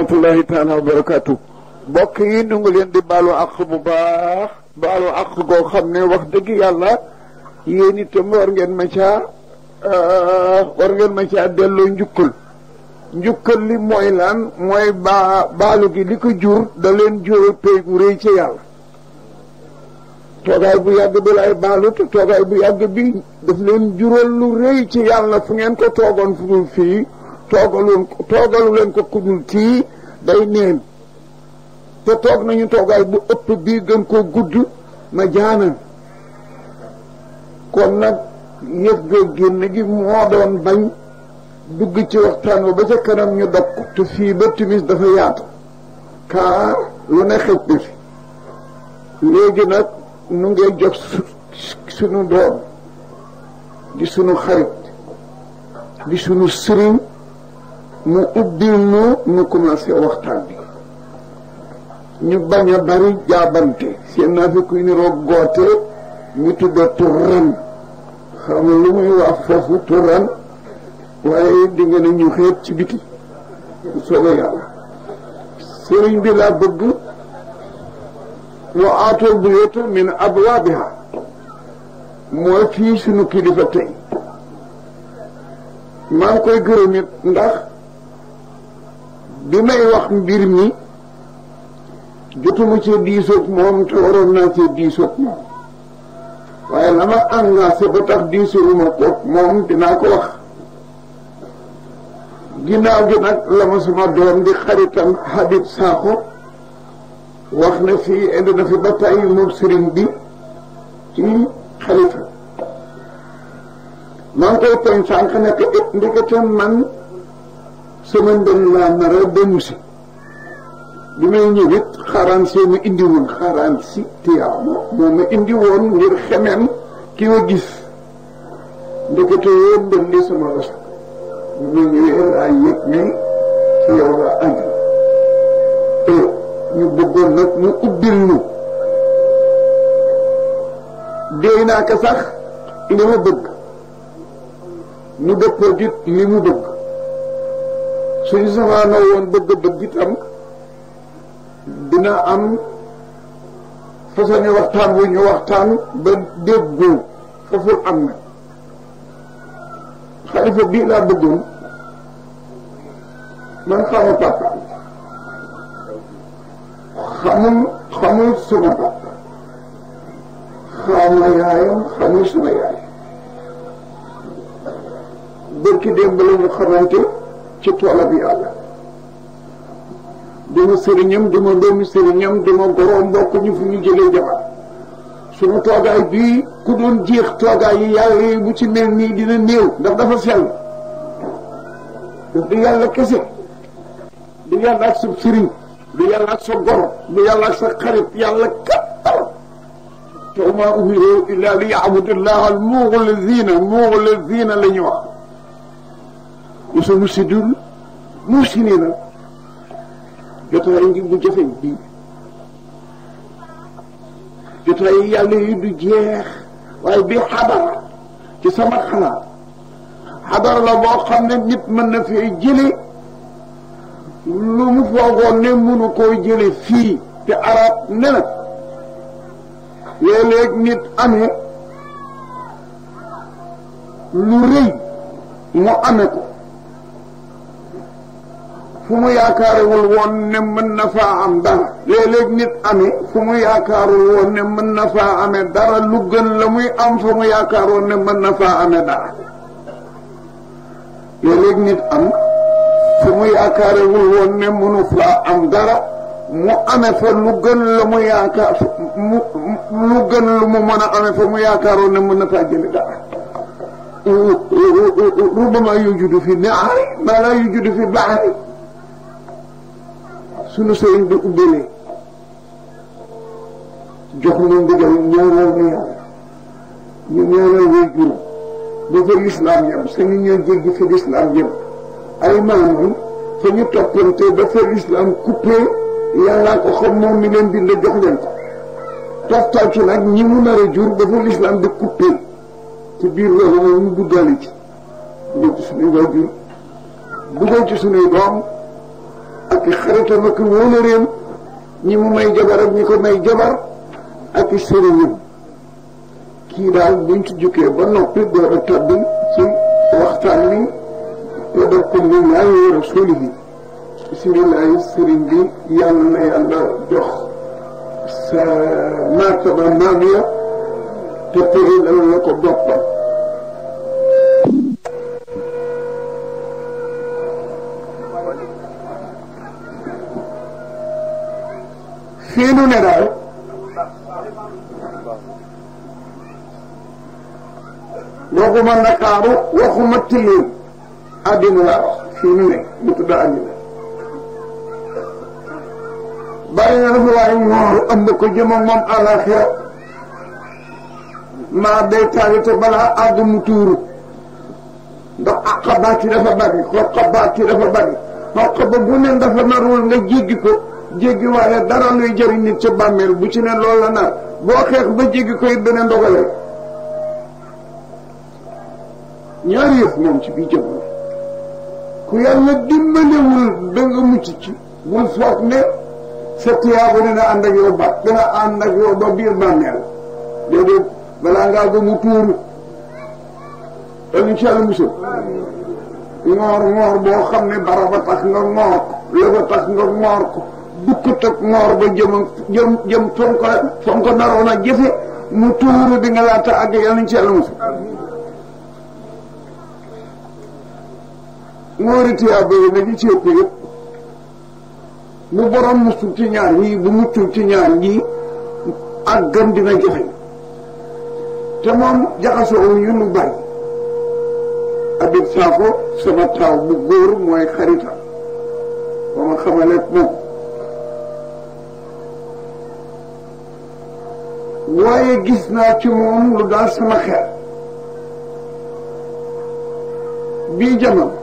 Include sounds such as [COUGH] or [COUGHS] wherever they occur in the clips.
rahmatullahi taala wa barakaatu mbokk yi nu ngi leen di baalu àq bu baax baalu àq goo xam ne wax dëgg yàlla yéen itam war ngeen ma caa euh, war ngeen ma delloo njukkal njukkal li mooy lan mooy baa baalu gi li ko jur da leen jure pay gu rëy ci yàlla toogaay bu yàgg bi lay baalu te bu yàgg bi daf leen jural lu rëy ci yàlla fu ngeen ko toogoon fu fii toogaluñ ko toogalu leen ko ku dul kii day neen te toog nañu toogaay bu ëpp bii gën koo gudd ma jaanan kon nag yëf ga génn gi moo doon bañ dugg ci waxtaan wa ba ca kanam ñu dog ko te fii ba timis dafa yaatu kaa lu ne xëj na fi léegi nag nu ngeen jox sunu doom di sunu xarit di sunu sëriñ mu ubbil ñu ñu commencé waxtaan bi ñu bañ a bari jaabante seen naa fi kuy niroog goote ñu tudda turan xam lu muy wax foofu turan waaye di ne ñu xeet ci biti bu soobee sëriñ bi laa bëgg wa aatul buyuuta min abwaabiha mooy fii sunu kilifa tey maa ngi koy gërëm it ndax bi may wax mbir mi jotuma ci diisoog moom te waroon naa ci diisoog moom waaye la ma engagé ba tax diisooguma koog moom dinaa ko wax ginnaaw gi nag la ma sama doom di xaritam Habib Sakho wax na fii indi na fi ba tey moom sëriñ bi ci xalifa maa koy tënk sànq ne ko it ndekete man sama ndëng laa nara dem si bi may ñëwit xaaraan see ma indi woon xaaraan si tiyaama ma indi ngir xemem ki ma gis ndekete yoo ndëng li sama los bi laa yëg ni ci yow laa ànd te ñu bëggoon nag mu ubbil nu déy naa ko sax li ma bëgg ñu dëppoo dit li mu bëgg suñu safaanoo woon bëgg bëgg itam dina am façon waxtaan wu ñu waxtaan ba déggoo foofu am na xalifa bii laa bëggoon man xamu papa xamul xamul suma papa xamu yaayam xamul suma yaay bërki démb la xamante ci toolab yàlla dama sëriñam dama doomi sëriñam dama goro mbokk ñu fi ñu jëlee jabar sunu toogaay bii ku doon jeex toogaay yi yàlla yi bu ci mel nii dina néew ndax dafa sell du yàlla kese du yàlla ak sa sëriñ du yàlla ak sa goro du yàlla ak sa xarit yàlla kattal te ma umiru illa li yaabudullaha al muxlisina muxlisina la ñu wax وسنسدل محسنين jotaay ngi bu jafé bi jotaay yalla yi du jeex waaye bi xabar ci sama xalaat xabar la boo xam ne nit mën na fee jële lu mu foogoon ne mënu koo jële fii te arab ne na léeg-léeg nit amee lu rëy mu amee ko fu mu yaakaarewul woon ne mën na faa am dara léeg-léeg nit ami fu mu yaakaarul woon ne mën na faa amee dara lu gën la muy am fu mu yaakaaroon ne mën na faa amee dara léeg-léeg nit am fu mu yaakaarewul woon ne mënu faa am dara mu amee fa lu gën la mu yaakaar lu gën lu mu mën a amee fa mu yaakaaroon ne mën na faa jëli dara ربما يوجد في النهر ما لا يوجد في البحر sunu sëriñ bi ubbile jox ñu ndigal ñaanal na yàlla ñu ñaanal way jur ba fa lislaam yem sañu ñëw jéggi fa lislaam yem ay maam bi fa ñu toppante ba fa lislaam coupé yàllaa ko xam moom mi leen bind jox leen ko ci nag ñi mu nar a jur ba fa lislaam di coupé ci biir loolu moom ñu duggaale ci dugal ci suñuy wajur dugal ci suñuy doom ak i xaritam ak wóolareem ñi mu may jabar ak ñi ko may jabar ak i sëriñam kii daal buñ ci jukkee ba noppi door a tàbbi ci waxtaan wi te def ko li laay war a suuli bi bisimilahi sëriñ bi yàlla na yàlla jox sa martaba maagiya te tëral la ko boppam seenu ne daal waxuma Ndakaaru waxuma Tilleen àddina laa wax fii nu ne mu tudd àddina bari na dafa waaye ñooru ëmb ko jëma moom àllaaxira maa day taali te balaa àgg mu tuuru ndax aqabaat ah, yi dafa bari xoqabaat yi dafa bari xoqaba bu ne dafa narul nga jéggi jéggi waaye dara luy jëriñ nit ci bàmmeel bu ci ne loolu la nar boo xeex ba jéggi ko it dana ndogale ñaari moom ci biir jëmm ku yàlla dimbalewul da nga mucc ci bul foog ne sa tiyaaba dina ànd ak ànd ak yow ba biir bàmmeel déedéet balaa ngaa ba mu tuuru danuñ ci yàlla ngoor ngoor boo xam ne baraba tax nga ngoor ko la ba tax nga ngoor ko bukkut ak moor ba jëm jëm jëm fa naroon a jëfe mu tuuru bi nga laata àgg yàlla nañ ci yàlla mos. ngoori tiyaaba yi nag ci ëpp yëpp bu borom musul ci ñaar yii bu muccul ci ñaar yii ak gëm dina jafe te moom jaxasoo yu nu bari Habib Sakho sama taaw bu góor mooy xaritam ba ma xamale moom waaye gis naa ci moom lu daal sama xel bii jamono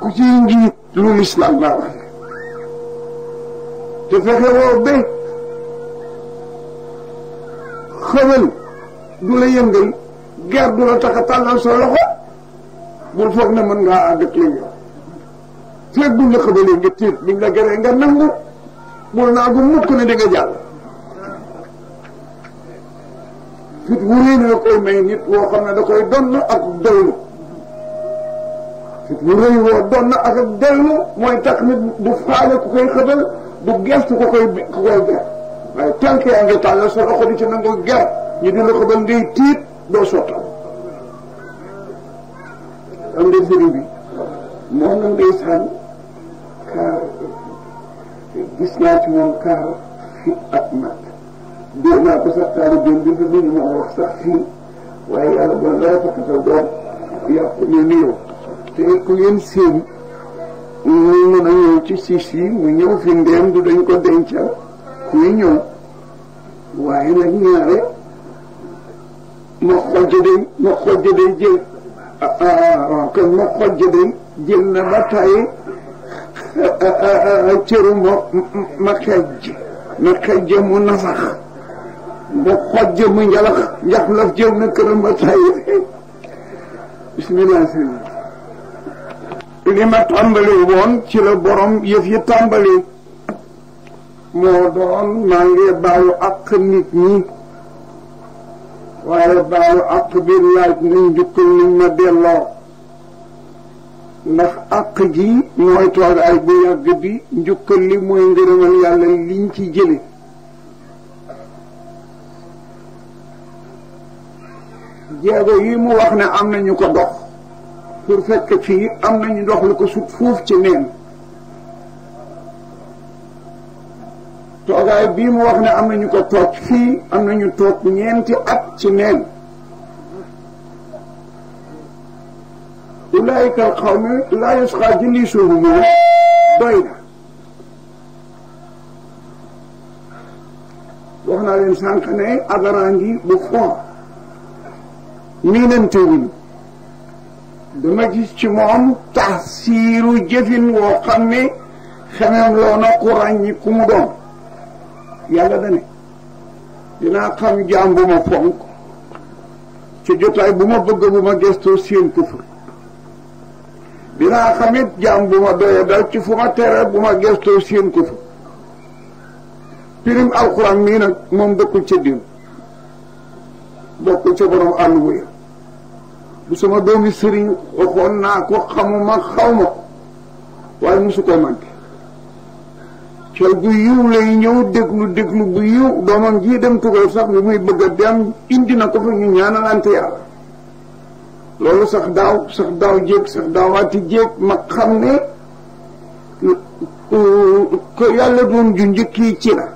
ku ci njiit lu lislaam laa wax te fexe woo ba xëwal du la yëngal ger du la tax a tàllal sa loxo bul foog ne mën ngaa àgg ak léegi feeg buñ la xëbalee nga tiit biñ la geree nga nangu bul naa gu mukk ne di nga fit wu rëy koy may nit ne da koy donn ak doylu fit wu rëy woo donn ak ak doylu mooy tax nit du faale ku koy xëbal du gestu ku koy ku koy ger waaye tànk yaa ngi tàllal di ci nangoo ger ñu di doo sottal am nga sëriñ bi moom na kaar gis naa ci moom kaar fit ak biir naa ko sax taal bi biir bi ñu ma wax sax fii waaye yàlla bon dara fakkatal doom yàqu ñu néew te ku ngeen séen ñu mën a ci siis yi mu ñëw fi ndeem du dañ ko dencal kuy ñëw waaye nag ñaare ma xojja day ah, ah, ah, jël na ba tàyyi [LAUGHS] cëru ma ma xejj ma xejja mu nasax nga xoj mu njalax njaxlaf jëw na këram ba tay bismillah sëriñ li ma tàmbali woon ci la borom yëf yi tàmbali moo doon maa ngi baalu àq nit ñi waaye baalu àq bi laaj na njukkal ni ma delloo ndax ji mooy toog ay bu yàgg bi njukkal li mooy ngërëmal yàlla liñ ci jële jéego yi mu wax ne am na ñu ko dox pour fekk fii am nañu dox lu ko sut fuuf ci neen toogaay bii mu wax ne am na ñu ko toog fii am na ñu toog ñeenti at ci neen ulaayika alqawmi laa yusqa jilisuhum doy na wax naa leen sànq ne adaraa ngi bu foor miinante wuñ dama gis ci moom taxsiiru jëfin woo xam ne xamem loo na ku ràññi ku mu doon yàlla dane dinaa xam jaam bu ma fonk ci jotaay bu ma bëgg bu ma gestoo seen ko fa dinaa jaam bu ma doye dal ci fu ma tere bu ma gestoo seen ko pirim alxuraan mii nag moom dëkkul ca diin bokkul ca borom àll bu du sama doomi sëriñ waxoon naa ko xamuma xaw ma waaye mosu koo manqué col gu yiw lay ñëw déglu déglu bu yiw doomam jii dem tugal sax bi muy bëgg a dem indi na ko fa ñu ñaanalante yàlla loolu sax daaw sax daaw jéeg sax daawaati jéeg ma xam ne yàlla doon ju njëkkii ci la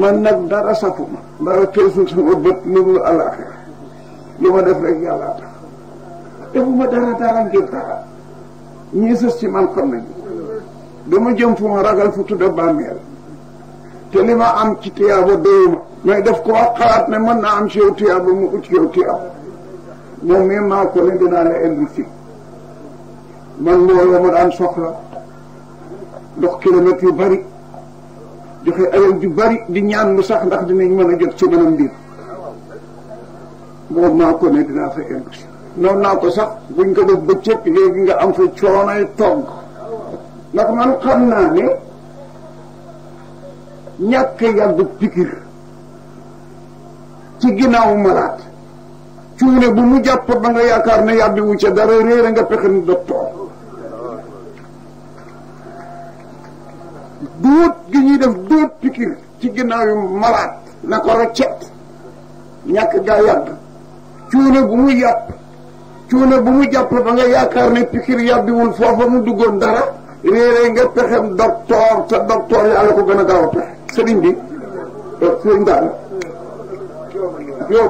man nag dara safuma dara teesul sama bët loolu alaaxira gimana berjalan ibu dara-daran kita ñi sës ci man xam nañ dama jëm fu ma ragal fu tudda bàmmeel te li ma am ci tiyaaba doyuma mais daf ko xalaat ne mën naa am ci yow tiyaaba mu ut yow tiyaaba moom mi maa ko ne dinaa la indi fi man loolu ma daan soxla dox kilomètre yu bari joxe alal ju bari di ñaan mu sax ndax dinañ mën jot ci beneen mbir moom naa ko ne dinaa fa egg noonu naa ko sax buñ ko def bëccëg léegi nga am fa coonoy togg ndax man xam naa ne ñàkk yàgg pikir ci ginnaaw malaat cuune bu mu jàpp ba nga yaakaar ne yàbbi wu ca dara réer nga pexe ni docteur duut gi ñuy def duut pikir ci ginnaaw yu malaat na ko raccet ñàkk gaa yàgg ciuna bu mu yàpp ciuna bu mu japp ba nga yaakaar ne pikir wul fofu mu dugon dara rere nga pexem docteur ta docteur la ko gëna a gaaw a pexe sëriñ bi eh, sëriñ daal yo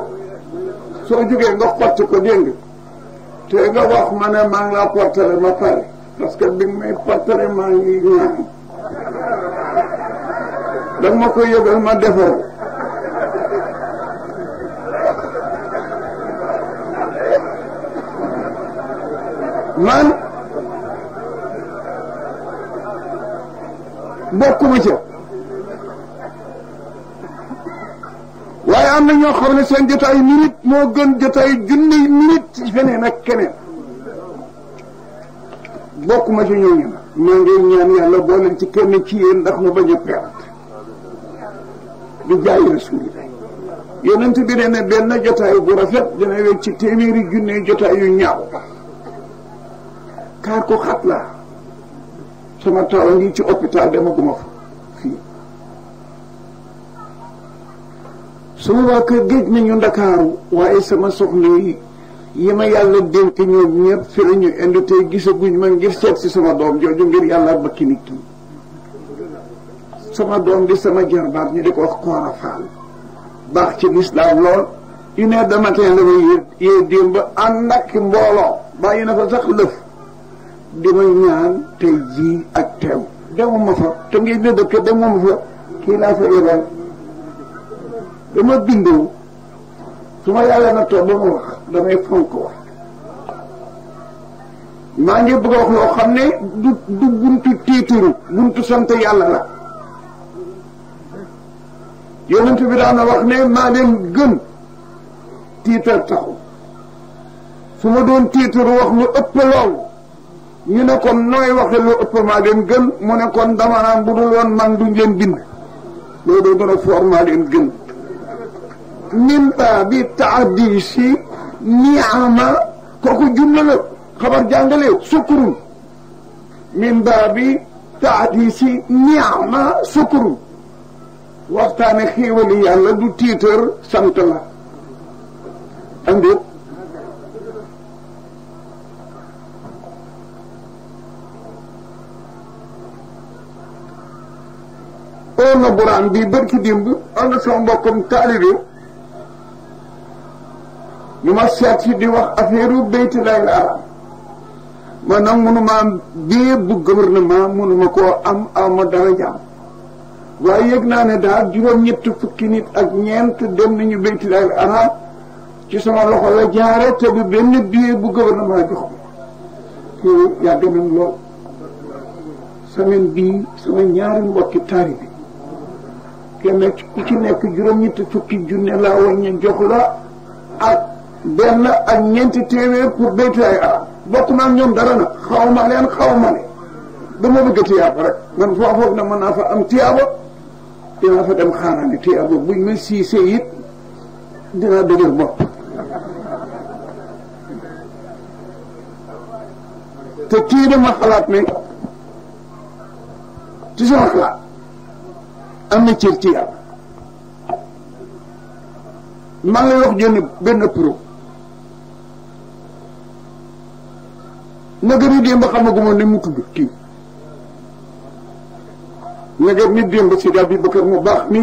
so jógee nga xott ko deng te nga wax ma nga portale ma par parce que bi may portale ma ngi ñaan danga ma ko yëgal ma defar man bokkuma ca waaye am na ñoo xam ne seen jotaay minute moo gën jotaay junni minute ci feneen ak keneen bokkuma ca ñooñu na maa ngi ñaan yàlla boo leen ci kenn ci yéen ndax mu bañ a na bi jaay rasulillah yonent bi nee na benn jotaay bu rafet dina wéy ci téeméeri junne jotaay yu ñaaw kaa ko xatla sama taaw ngi ci hôpital demaguma fa fii sama waa kër géej nañu ndakaaru waaye sama soxna yi yi ma yàlla dénk ñoom ñëpp fi la indi tey gisaguñ ma ngir si sama doom jooju ngir yàlla bakki nit ki sama doom di sama jarbar ñu di ko wax koora faal baax ci lislaam lool une heure de matin la ma yéeg yéeg démb ànd fa sax di may ñaan tey jii ak teew demuma fa te ngay bébé ke demuma fa kii laa fa dama bindoo su ma yàlla na toog ba wax damay fonk wax maa ngi bëgg a wax loo xam ne du du tiitiru buntu sant yàlla la yonent bi daan na wax ne maa leen gën tiitar taxu su ma doon tiitaru wax lu ëpp loolu ñu ne kon nooy waxe lu ëpp maa leen gën mu ne kon dama naan bu dul woon man duñ leen bind loolu doo gën a foor maa leen gën min ba bi taaddi si niama kooku jumla la xabar jàngale sukkurun min ba bi taaddi si niama sukkurun waxtaane xiiwali yàlla du tiitër sant la andéet on na boraan bii bërki dimb am na sama mbokkam taalibe ma seet si di wax affaire u baytulaay la arab ma bi bu gouvernement mënuma koo am am dara jam way yek naa ne daal juróom ñett fukki nit ak ñeent dem nañu baytulaay la arab ci sama loxo la jaare te bu benn bi bu gouvernement jox ma ya demen lo semaine bi sama ñaari mbokki taalibe kenn ci nekk juróom-ñetti fukki junne laa wàññi jox ak benn ak ñeenti téeméer pour béytu bokk naa ñoom dara na xaw ma leen xaw dama bëgg tiyaaba rek man foo foog na mën naa fa am tiyaaba dinaa fa dem xaaraani tiyaaba buñ ma siisee it dinaa dëgër bopp te kii dama xalaat ne ci sama xalaat am na cër ci yàlla man lay wax jënn benn pro naka ni démb xamaguma ni mu tudd kii naka ni démb si daal bi bëkkër mu baax mi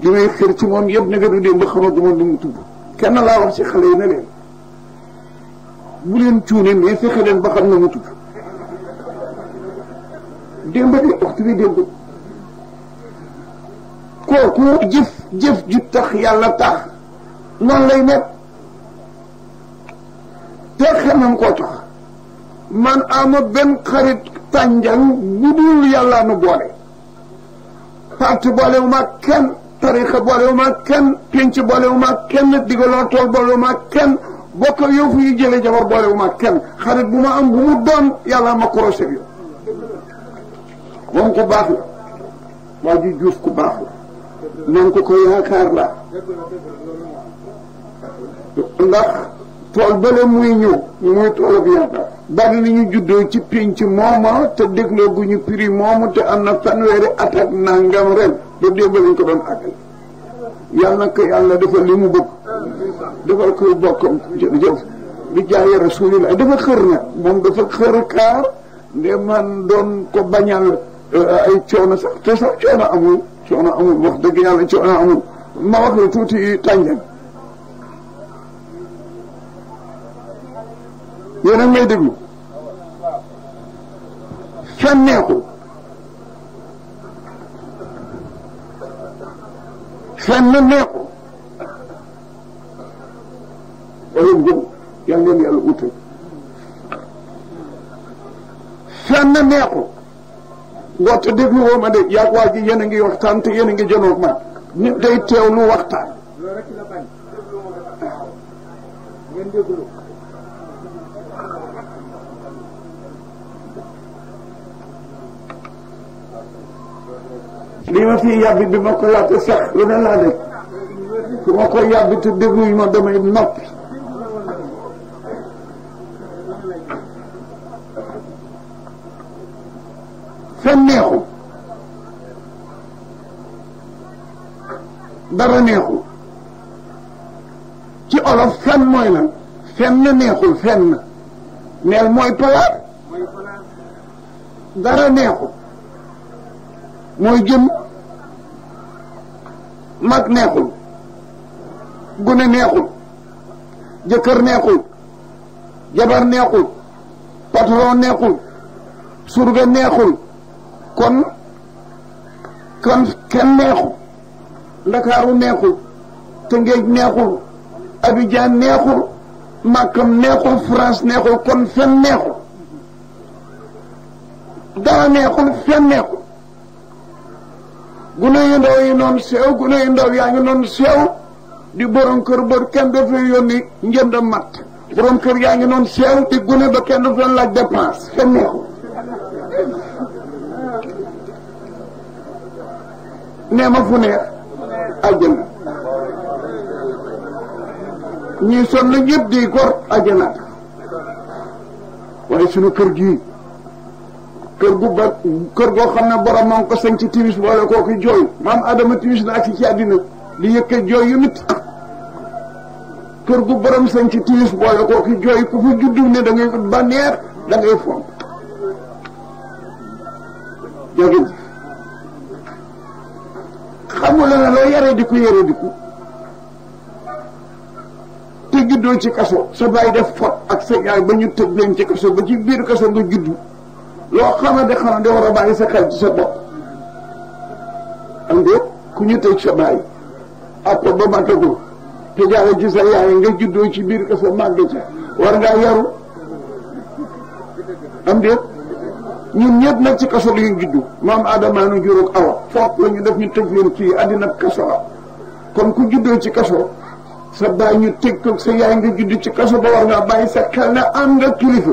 li may xër ci moom yëpp naka ni démb xamaguma ni mu tudd kenn laa wax si xale yi na leen bu leen cuune mais fexe leen ba xam na mu tudd démb de waxtu bi démb kooku jëf jëf ju tax yàlla tax noonu lay nekk te xemam koo tax man ama benn xarit tànjang bu dul yàlla nu boole parti boole ma kenn tarixa boolewu ma kenn penc boolewu ma kenn digaloo tool boolewu ma kenn bokk yow fu ñu jabar boolewu ma kenn xarit bu ma am bu mu doon yàlla ma korosé bi moom ku baax la nangu ko yaakaar la ndax tool bale muy ñëw muy toolab yaakaar bari na ñu juddoo ci pénc mooma te dégloo gu ñu prix moomu te am na fanweeri at ak nangam ren ba démb lañ ko doon àggal yàlla na ko yàlla defal li bëgg defal ko bokkam jërëjëf bi jaay rasulillah dafa xër na moom dafa xër kaar nde doon ko bañal ay sax te sax coono amul coono amul wax dëgg yàlla coono amul ma wax la tuuti tànjan yéen a may déglu fen neexul fen na neexul wala ngëm yàlla leen yàlla utal woote déglu woo ma de yaag waa ji a ngi waxtaan te yéen a ngi jënoog man nit day teewlu waxtaan li ma fi yàbbi bi ma ko laajte sax lu ne laa de bu ma ko yàbbi te déglu ma damay noppi fen neexu dara neexu ci olof fen mooy lan fen na neexul fen na neel mooy palaar dara neexu mooy jëm mag neexul gune neexul jëkkër neexul jabar neexul patron neexul surga neexul kon kon kenn neexu ndakaaru neexul tëngéej neexul abidjan neexul màkkam neexul france neexul kon fenn neexul dara neexul fenn neexul gune yu ndaw yi noonu seew gune yu ndaw yaa ngi noonu seew di borom kër bër kenn dafa yónni njënd mat borom kër yaa ngi noon seew di gune ba kenn dafa laaj dépense fenn neexul nee ma fu ne àjjana ñuy sonn ñëpp di gor àjjana waaye sunu kër gii kër gu ba kër goo xam na borom moo ko sañ ci timis boole kooku jooy maam Adama timis na ak si ci àddina li yëkkee jooy yu kër gu borom sañ ci timis boole kooku jooy ku fi juddu ne da ngay ut bannière da ngay jagin xamula ne loo yare di ko yare di ko te juddoo ci kaso sa bàyyi def fot ak sa yaay ba ñu tëj leen ci kaso ba ci biir kaso nga juddu loo xamante xamante war a bàyyi sa xel ci sa bopp am de ku ñu tëj sa bàyyi après ba matagul te jaare ci sa yaay nga juddoo ci biir kaso màgg ca war ngaa yaru am de ñun ñëpp nag ci kaso lañu juddu maam Adama nu juróog awa foog la ñu def ñu tëj leen fii àddina kaso kon ku juddoo ci kaso sa baay ñu tëj sa yaay nga juddu ci kaso ba war ngaa bàyyi sa xel ne am nga kilifa.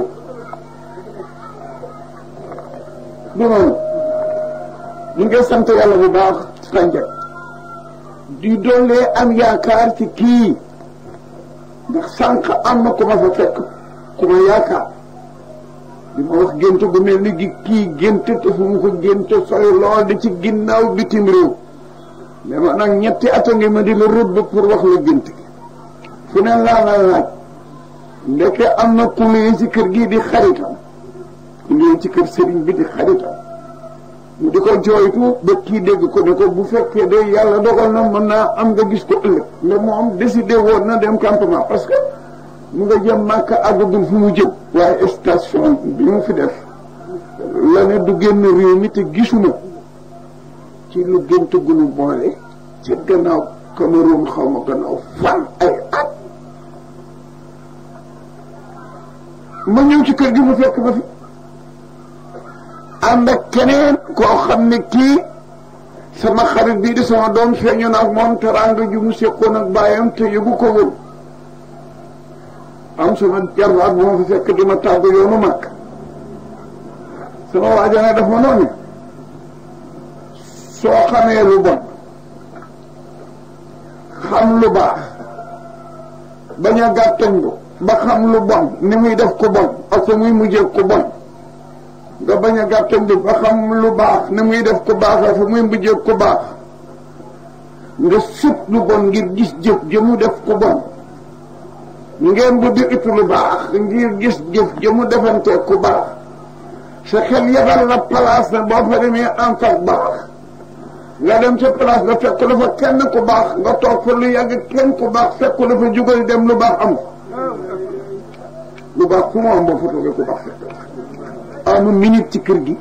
du noonu ñu ngi sant yàlla bu baax sànja di doolee am yaakaar ci kii ndax sànq am na ku ma fa fekk ku ma yaakaar. ma wax gént bu mel ni gi kii gént te fu mu ko gént sori lool di ci ginnaaw bitim réew mais ma nag ñetti at ngi ma di la rëbb pour wax la gént gi fu ne laa la laaj ndeke am na ku ci kër gi di xaritam ku ci kër sëriñ bi di xaritam di ko jooytu ba kii dégg ko ne ko bu fekkee de yàlla dogal na mën naa am nga gis ko ëllëg mais moom décidé woon na dem campement parce que mu nga jëm màkk àggagul fu mu jëm waaye station bi mu fi def la ne du génn réew mi te gisuma ci lu gént gunu boole ci gannaaw Cameroun xaw ma gannaaw fan ay at ma ñëw ci kër gi mu fekk ma fi ànd ak keneen koo xam ne kii sama xarit bii di sama doom feeñu ak moom teraanga ju mu sekkoon ak bàyyam te yëgu ko woon am sama jarwaat bu ma fi fekk duma tàggu yoonu màkk sama waajanaa daf ma noonu soo xamee lu bon xam lu baax bañ a gàttañ ko ba xam lu bon ni muy def ku bon ak fa muy mujjee ku bon nga bañ a gàttañ ba xam lu baax ni muy def ku baax ak fa muy mujjee ku baax nga sut lu bon ngir gis jëf jëmu def ku bon ngeen bu di ut lu baax ngir gis jëf ja mu defante ku baax sa xel yebal la na boo fa demee en face baax nga dem sa place ba fekk la fa kenn ku baax nga toog fa lu yàgg kenn ku baax fekk la fa jugal dem lu baax am lu baax fu mu am boo fa toogee ku baax fekk amul ah, minute ci kër gi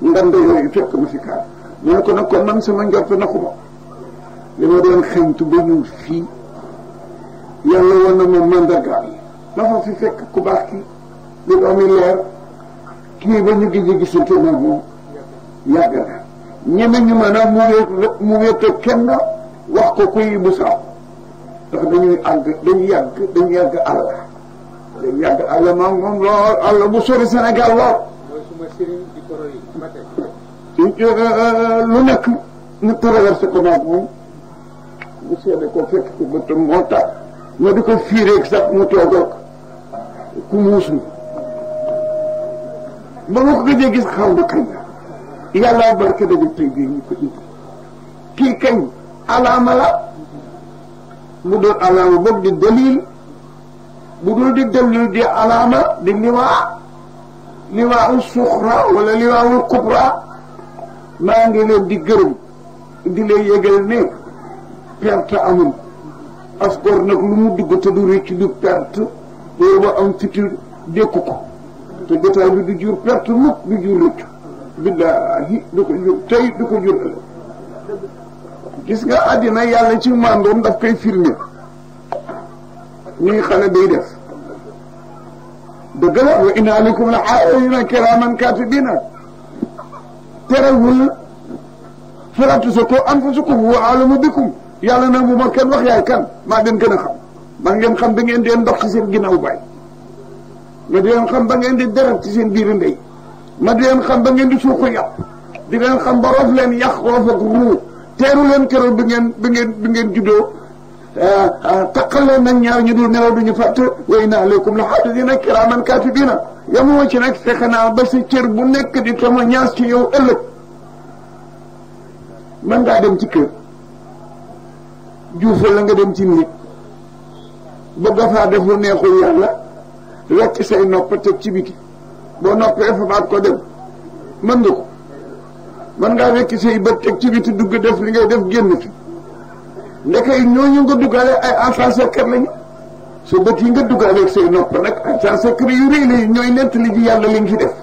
ndanda yooyu fekk ma fi kaar mu ne ko man sama njort na xuma li ma doon xeñtu ba ñëw fii yàlla woon na moom mandargaal yi fi fekk ku baax ki di doomi leer kii ba ñu gis gisante nag moom yàgg na ñeme ñu maanaam mu mu wéete kenn wax ko kuy bu saaw ndax dañuy àgg dañuy yàgg dañuy yàgg àll dañuy yàgg àll moom moom bu sori Sénégal lool euh, lu nekk ñu traversé ko maag moom bu seede ko fekk ko bëtam moo tax nga di ko fiireeg sax mu toog ak ku muusu ba ma ko gëjee gis xaw na kañ la yàlla barke daje tey bii ñu kañ alaama la mu doon alaama boog bu dul di di alaama di liwaa liwaa suxra wala liwaa kubra maa ngi di gërëm di leen ne perte amul asgor nag lu mu dugg te du du perte loolu ba am fitir dékku ko te du jur perte mukk du jur réccu billaahi du ko jur tey du ko jur gis nga àddina yàlla ci mandoom daf koy firnde ñuy xale day def dëgg la wa inna alaykum la xaa'ilina kiraaman kaatibiina terewul faratu ko anfusukum wa alamu bikum yàlla na mu ma kenn wax yaay kan maa leen gën a xam maa ngeen xam ba ngeen di ndox ci seen ginnaaw baay ma di leen xam ba ngeen di deret ci seen biir ndey ma di leen xam ba ngeen di suuxu yàpp di leen xam ba roof leen yàq roof ak ruu teeru leen keroog bi ngeen bi ngeen bi ngeen juddoo eh, eh, taqal leen nag ñaar ñu dul nelaw duñu way la kiraaman ci nag fexe ba sa cër bu nekk di témoignage ci yow ëllëg man ngaa dem ci kër juufa la nga dem ci néeg bëgg faa def lu neexul yàlla rekk say nopp teg ci biti boo noppee fabaat ko dem mën nga ko mën nga rekk say bët teg ci biti dugg def li ngay def génn fi ndekay ñooñu nga duggaale ay enfant secret lañu su bët yi nga duggaale ak say nopp nag enfant secret yu rëy la ñooy nettali ji yàlla li nga ci def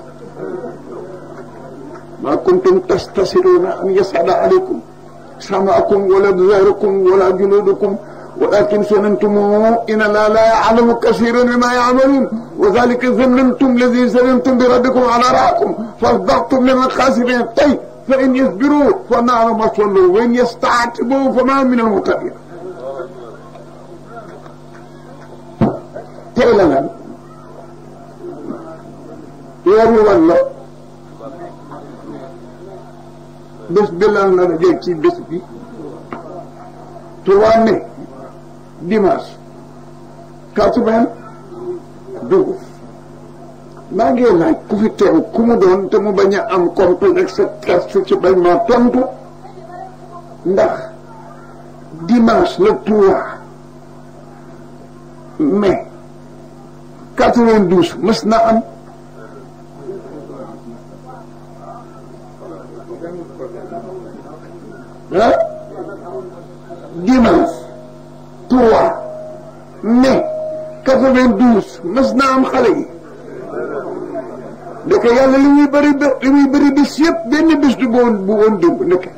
maa kuntum tas tasiruuna an yasada aleykum سمعكم ولا أبزاركم ولا جلودكم ولكن سننتم إن لا لا يعلم كثيرا مما يعملون وذلك ظننتم الذي سننتم بربكم على رأكم فاصدقتم لمن خاسرين طيب فإن يصبروا فنعم صلوا وإن يستعتبوا فما من المتقين تعلم يا رب الله bés bi lan la ci bés bi 3 mai dimanche quatre-vingt-douze maa ngi laaj ku fi teew ku mu doon te mu bañ a am complexe test ci bañ ma tontu ndax dimanche le 3 mai quatre-vingt-douze mës na am le dimanche 3 mai 92 mës naa am xale yi ndeke yàlla li muy bëri li muy bëri bis yëpp benn bis du boon bu woon démb ndeke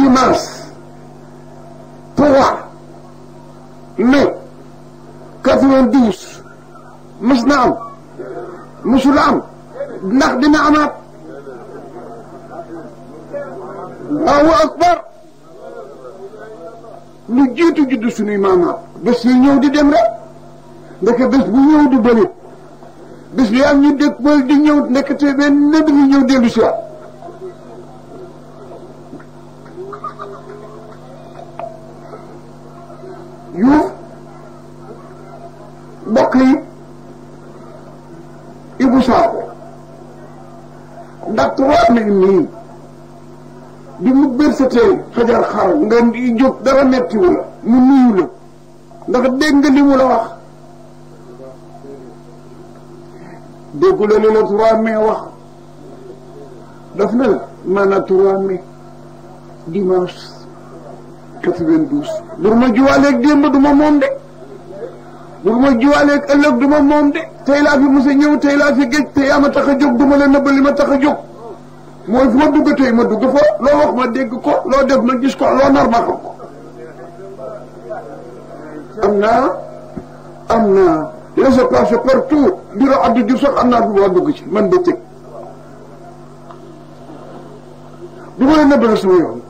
dimanche suñuy maamaat bés yu ñëw di dem rek ndeke bés bu ñëw di bëri bés bi ñu dëkk bool di ñëw ndekete benn bi ñu ñëw dellu si waat yuuf bokk yi Ibou Sakho ndax trois mille nii di mu bërsatee xajar xar nga jóg dara mettiwu la mu nuyu la ndax dégg nga li mu la wax déggu la li la trois mai wax daf na la maanaam trois mai dimanche quatre-vingt-douze a ma jiwaaleeg démb du ma moom de dur ma jiwaaleeg ëllëg du ma moom de tey laa fi mos a ñëw tey fi géej te yaa ma tax a jóg du ma la nëbbal li ma tax a jóg mooy fu ma dugg tey ma dugg fa loo wax ma dégg ko loo def ma gis ko loo nar ma ko anna anna et se passe partout bureau addu Diouf sax am du wa dug ci man bëccëg du ma leen nëbbal sama yoon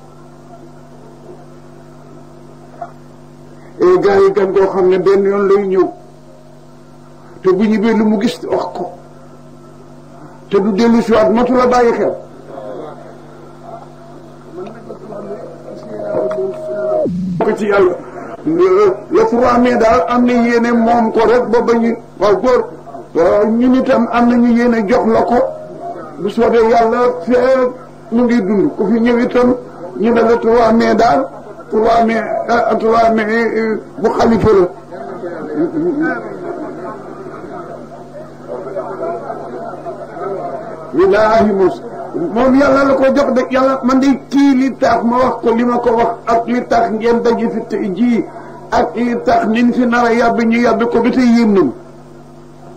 e gaay kan gan xamne ben ne yoon lay ñew te bu ñibbee lu mu gis wax ko te du delu ci wat matu la baye xel ko ci yalla le froid mai daal am na yéene moom ko rek ba ba ñu waaw góor waaw ñun itam am nañu jox la ko bu soobee yàlla fee mu ngi dund ku fi ñëw itam ñu ne la trois mai daal trois mai ah, trois euh, bu xalifa la wilaahi mos moom yàlla la ko jox de yàlla man de kii li tax ma wax ko li ma ko wax ak li tax ngeen daji fi ji ak li tax niñ fi nar a yàbbi ñu yàbbi ko bi tey yéem nañu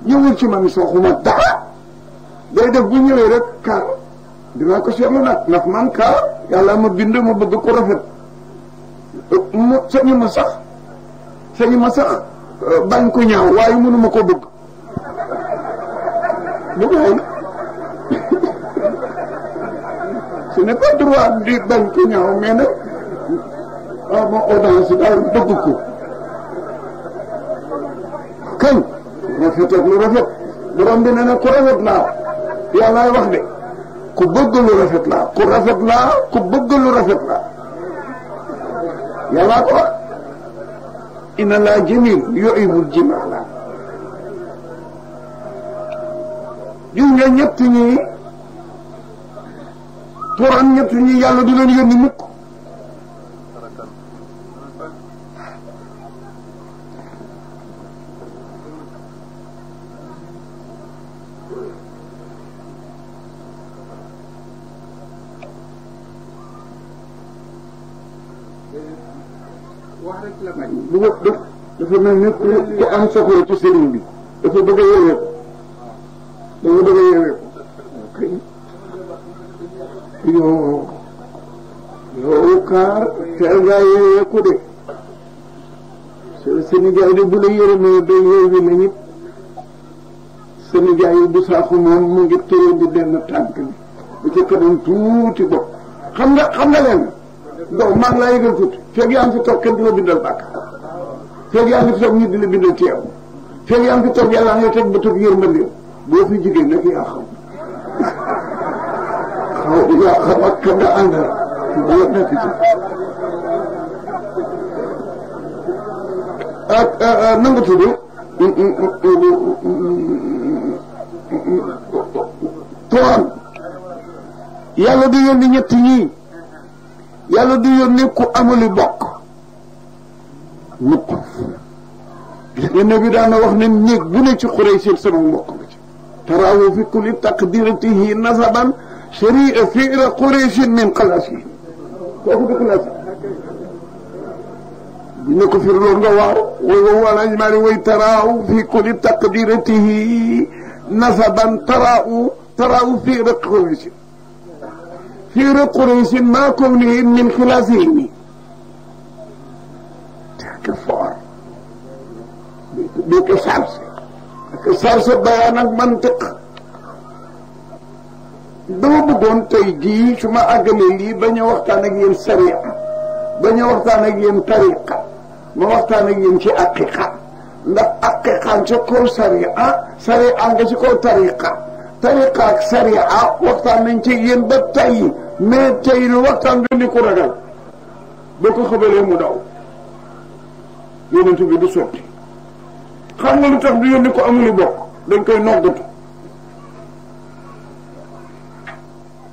ñëwul ci man soxuma dara day def bu ñëwee rek kaar dinaa ko seetlu nag ndax man kaar yàlla ma bind ma bëgg ko rafet mu sañu ma sax sañu ma sax euh, bañ ko ñaaw waaye mënuma ko bëgg bu ko ce n'est pas droit di bañ ko ñaaw mais nag waaw ma audience daal dëgg bi nee na ku rafet laa yàllaay wax de ku bëgg lu laa ku rafet laa ku bëgg lu rafet laa yàllaa ko wax inna laa jamil yuhibul jimaala gis nga ñett ñii Quran ñett ñi yàlla du leen yónni mukk bu ko def dafa mel ni ku am soxla ci sëriñ bi dafa bëgg a dafa bëgg a yo yo kaar teel ngaa yeeyeeku de sa nijaay de bu la yërëmee ba yeewi na it sa nijaay bu saaxu moom mu ngi tëral di benn tànk bi ba ca kanam tuuti bopp xam nga xam nga leen donc maa ngi laa yëgal tuuti feeg yaa ngi fi toog kenn du la bindal bàkk feeg yaa ngi fi toog nit di la bindal teew feeg yaa ngi fi toog yàlla ngay teg ba toog yërmande boo fi jigéen nag yaa xam إذا تمكن عنها هو النتيجة من قتلوا toon yàlla du yónni ñett ñii yàlla du yónni ku amuli bokk mukk gis nga nabi daan na wax ne néeg bu ci xurey seen sama mbokk nga ci fi kulli taqdiratihi nasaban شريع فئر قريش من قلاسي وكو بقلاسي إنك في دوار وهو الأجمال ويتراه في كل تقديرته نسبا تراه تراه في قريش في قريش ما كونه من خلافهم كفار بيك سارسة بيك سارسة بيانك منطق dama bëggoon tey jii su ma àggalee lii bañ a waxtaan ak yéen sariya a waxtaan ak tariqa ma waxtaan ak yéen ci aqiqa ndax aqiqa ca kaw sariya sariya nga ci tariqa tariqa ak sariya waxtaan nañ ci yéen ba tey mais tey lu waxtaan bi ni ragal boo ko xëbalee mu daw yonent bi du sotti xam nga lu tax du yónni ko amul bokk dañ koy noggatu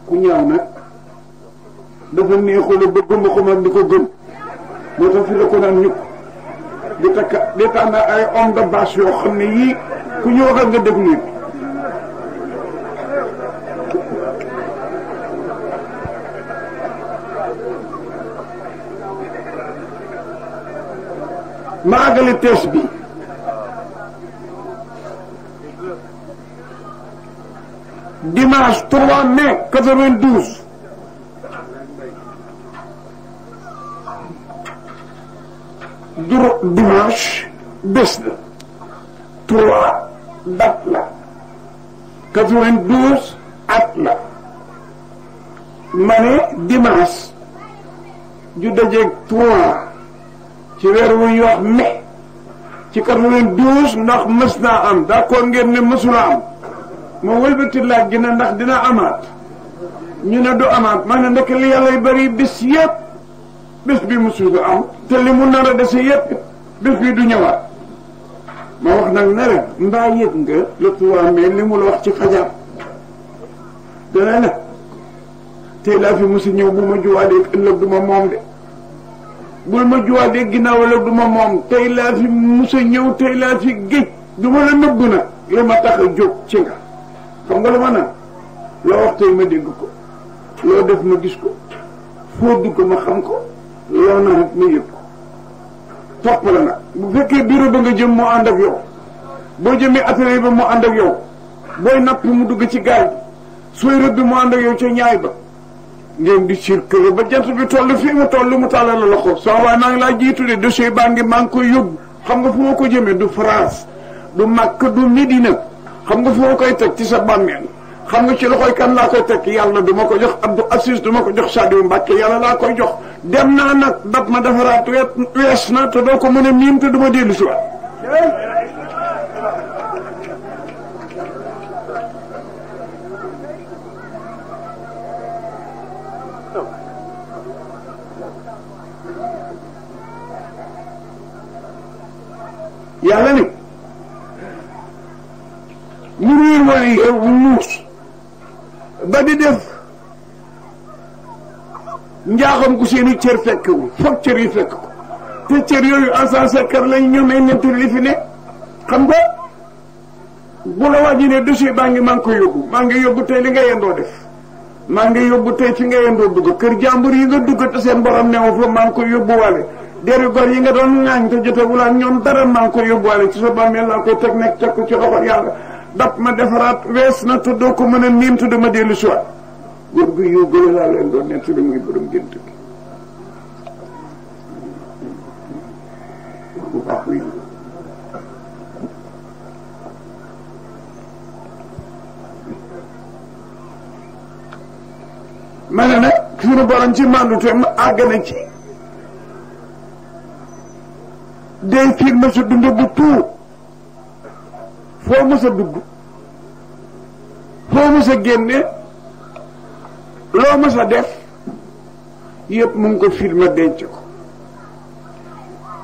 ku ñaaw nag dafa neexul ba gëm xumal di ko gëm moo tax fi ko naan ñëpp di takk di tànn ay homme de bâche yoo xam ne yii ku ñu waxal nga déglu ma àggale tees bi dimanche 3 mai 92 du dimanche bés la 3 date la 92 at la ma ne dimanche ju dajeeg 3 ci weer wu ñuy wax mai ci 92 ndax mës naa am d'accord ngeen ne mësula am ma wëlbati laaj gi ne ndax dina amaat ñu ne du amaat ma ne ndekk li yàlla bari bis yépp bis bi musul am te li mu nar a dese yépp bis bi du ñëwaat ma wax nag ne rek mbaa yëg nga le pouvoir mais li mu la wax ci fajar dana ne tey laa fi musi ñëw bu ma juwaadee ëllëg du ma moom de bul ma juwaadee ginnaaw ëllëg du ma moom tey laa fi musa ñëw tey laa fi géej du la nëbb na li ma ci nga xam nga la ma naan tey ma dégg ko loo def ma gis ko foo dugg ma xam ko loo na rek ma yëg ko topp la nag bu fekkee bureau ba nga jëm moo ànd ak yow boo jëmee atelier ba moo ànd ak yow booy nappi mu dugg ci gaal bi sooy rëbb bi mu ànd yow ca ñaay ba ngeen di circulé ba jant bi toll fii mu toll mu tàllal la loxo sama waay maa ngi laa jiitu de dossier baa ngi maa ngi koy yóbbu xam nga fu ma ko jëmee du France du Makka du Médina xam nga fu koy teg ci sa bàmmeel xam nga ci la koy kan laa koy teg yàlla du ma ko jox abdu Assis du ma ko jox Sadio mbàkke yàlla laa koy jox dem naa nag dab ma defaraat wet wees na te doo ko mën a miim te du ma dellu si waat yàlla ni mu réer wala yow muus ba di def njaaxam gu seeni cër fekk wu foog cër yi fekk ko te cër yooyu ensan sakar lañ ñoomee ñentul li fi ne xam nga bu la wàññi ne dossier baa ngi maa ngi ko yóbbu maa ngi yóbbu tey li nga yendoo def maa ngi yóbbu tey fi nga yendoo dugg kër jàmbur yi nga dugg te seen borom newu fa maa ngi ko yóbbuwaale deru gor yi nga doon ŋaañ te jotewul ak ñoom dara maa ngi ko yóbbuwaale ci sa bàmmeel laa koy teg nekk teg ko ci loxo yàlla daf ma defaraat wees na tuddoo ko mën a niim tudd ma dellu si waat góor gu yow gën laa leen doon nekk li mu borom gént gi bu baax ne nag suñu borom ci mànduteem àgg na ci day fiir na su dund bu tuut foo mës a dugg foo mës génne loo mës def yëpp mu ngi ko filmé denc ko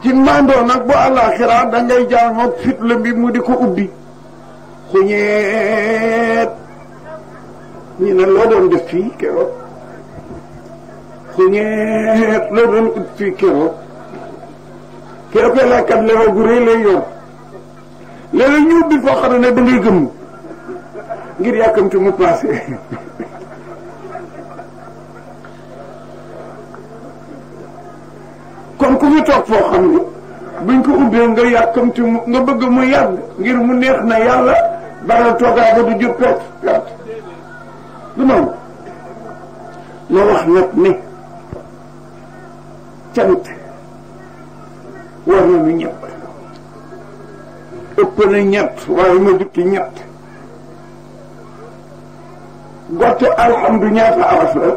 ci mandoo nag bu àllaaxira da ngay jaanoog fitla bi mu di ko ubbi xuñeet ñi ne loo doon def fii keroog xuñeet loo doon ut fii keroog keroog laakat lewa gu rëy lay léeg-léeg ñu ubbi foo xam ne da ngay gëm ngir yàkkamti mu passé kon ku ñu toog foo xam ne buñ ko ubbee nga yàkkamti mu nga bëgg mu yàgg ngir mu neex na yàlla baral toogaa ba du jub perte perte du noonu la wax nag ne cant war na ñu ñëpp ëpp na ñett waaye ma jukki ñett gotte alhamdu ñaata araf la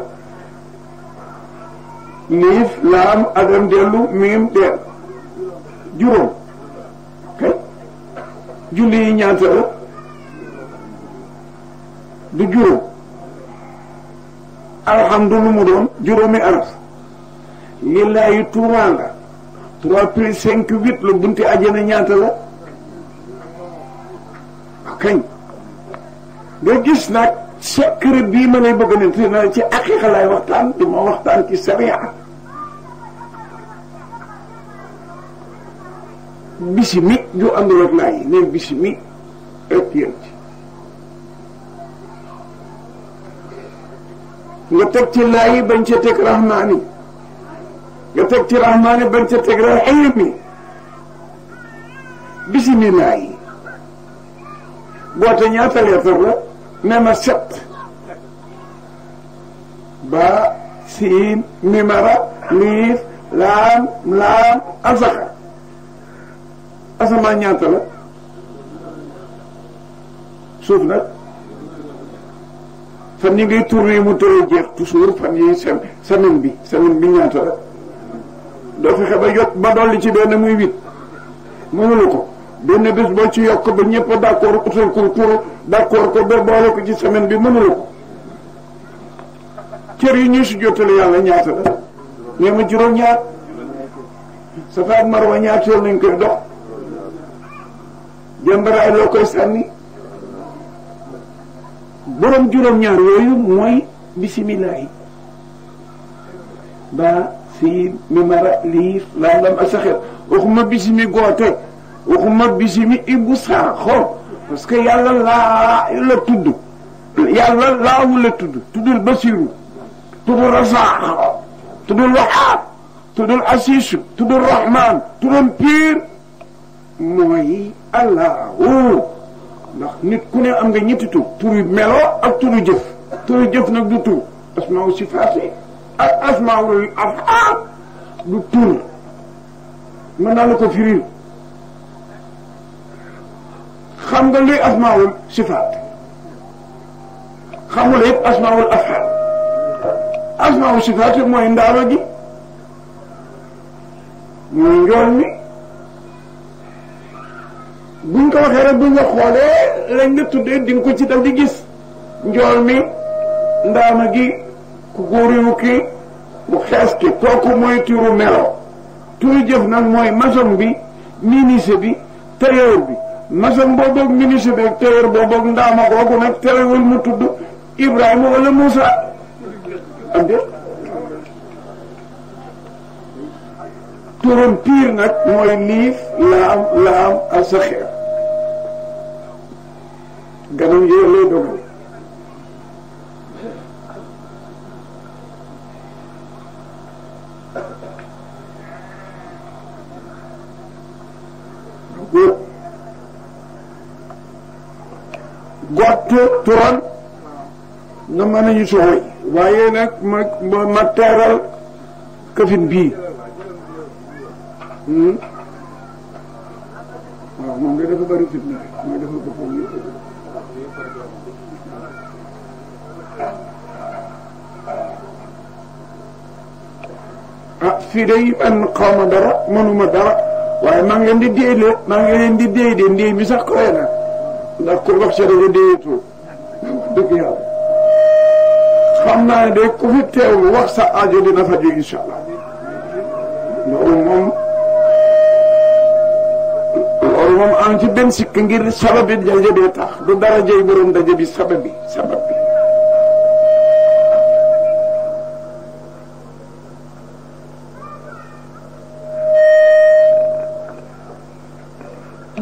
liif laam adam dellu miim deel juróom kay julli yi du juróom alhamdu lu mu doon juróomi araf lillaahi tuumaa nga trois plus cinq huit la bunti ajana ñaata la kay nga gis nak secret bi ma lay bëgg a nekk na ci akika lay waxtaan di ma waxtaan ci sharia bisi mi ju andul ak laay ne bisi mi rek ci nga tek ci lay bañ ci tek rahmani nga tek ci rahmani bañ ci tek rahimi bisi mi woote ñaata leetar la ne ma set ba siin mimara liif laam laam alsaxa asamaan ñaata suuf nag fan yi ngay tourné mu tëye jeex toujours fan yi sem semaine bi semaine bi ñaata doo fexe ba yot ba dolli ci benn muy huit mënulu ko benn bés boo ci yokk ba ñëpp d'accord utal ko tur d'accord ko ba boole ko ci semaine bi mënul ko cër yi ñuy si jottale yàlla ñaata la nee ma juróom-ñaar Safa ak Marwa ñaata yoon lañ koy dox jàmbaraay loo koy sànni borom juróom-ñaar yooyu mooy bisimilah yi ba si mi mara lii laam lam ak saxet waxuma bisimi goote waxuma bisimi ibu saaxo parce que yàlla laa la tudd yàlla laawu la tudd tuddul basiru tuddul rasaax tuddul waxaab tuddul asiisu tuddul rahmaan turam piir mooy allahu ndax nit ku ne am nga ñetti tur turu melo ak turu jëf turu jëf nag du tur asmaaw sifaat ak asmaawul af'aal du tur mën naa la ko firil xam nga luy asmaawul sifaat xamul it asmaawul afxaal asmaawul sifaat mooy ndaama gi njool mi buñ ko waxee rek buñ xoolee la tuddee di nga ko ci dal di gis njool mi ndaama gi ku góoriwu ki ku xees ki kooku mooy turu melo turu jëf nag mooy maçon bi menuisier bi tailleur bi maçon booboog ministre beeg téwér booboog ndaama kooku nag mu tudd Ibrahima wala Moussa am dé piir nag mooy liif laam laam ak sa xeer ganam yooyu lay dogal gott turan nga mën nañu soxoy waaye nag ma ma teeral këfin bii ma hmm? moom de dafa bëri fitna mooy ah, fii day man xaw ma dara mënuma dara waaye maa ngi di déy de maa ngi di déy bi ndéy mi sax koy na ndax ku wax ca dafa déyetu dëgg yàlla xam naa ne de ku fi teewlu wax sa aajo dina faju incha allah loolu moom loolu moom am ci benn sikk ngir sabab bi daje bee du dara jëy borom bi sabab bi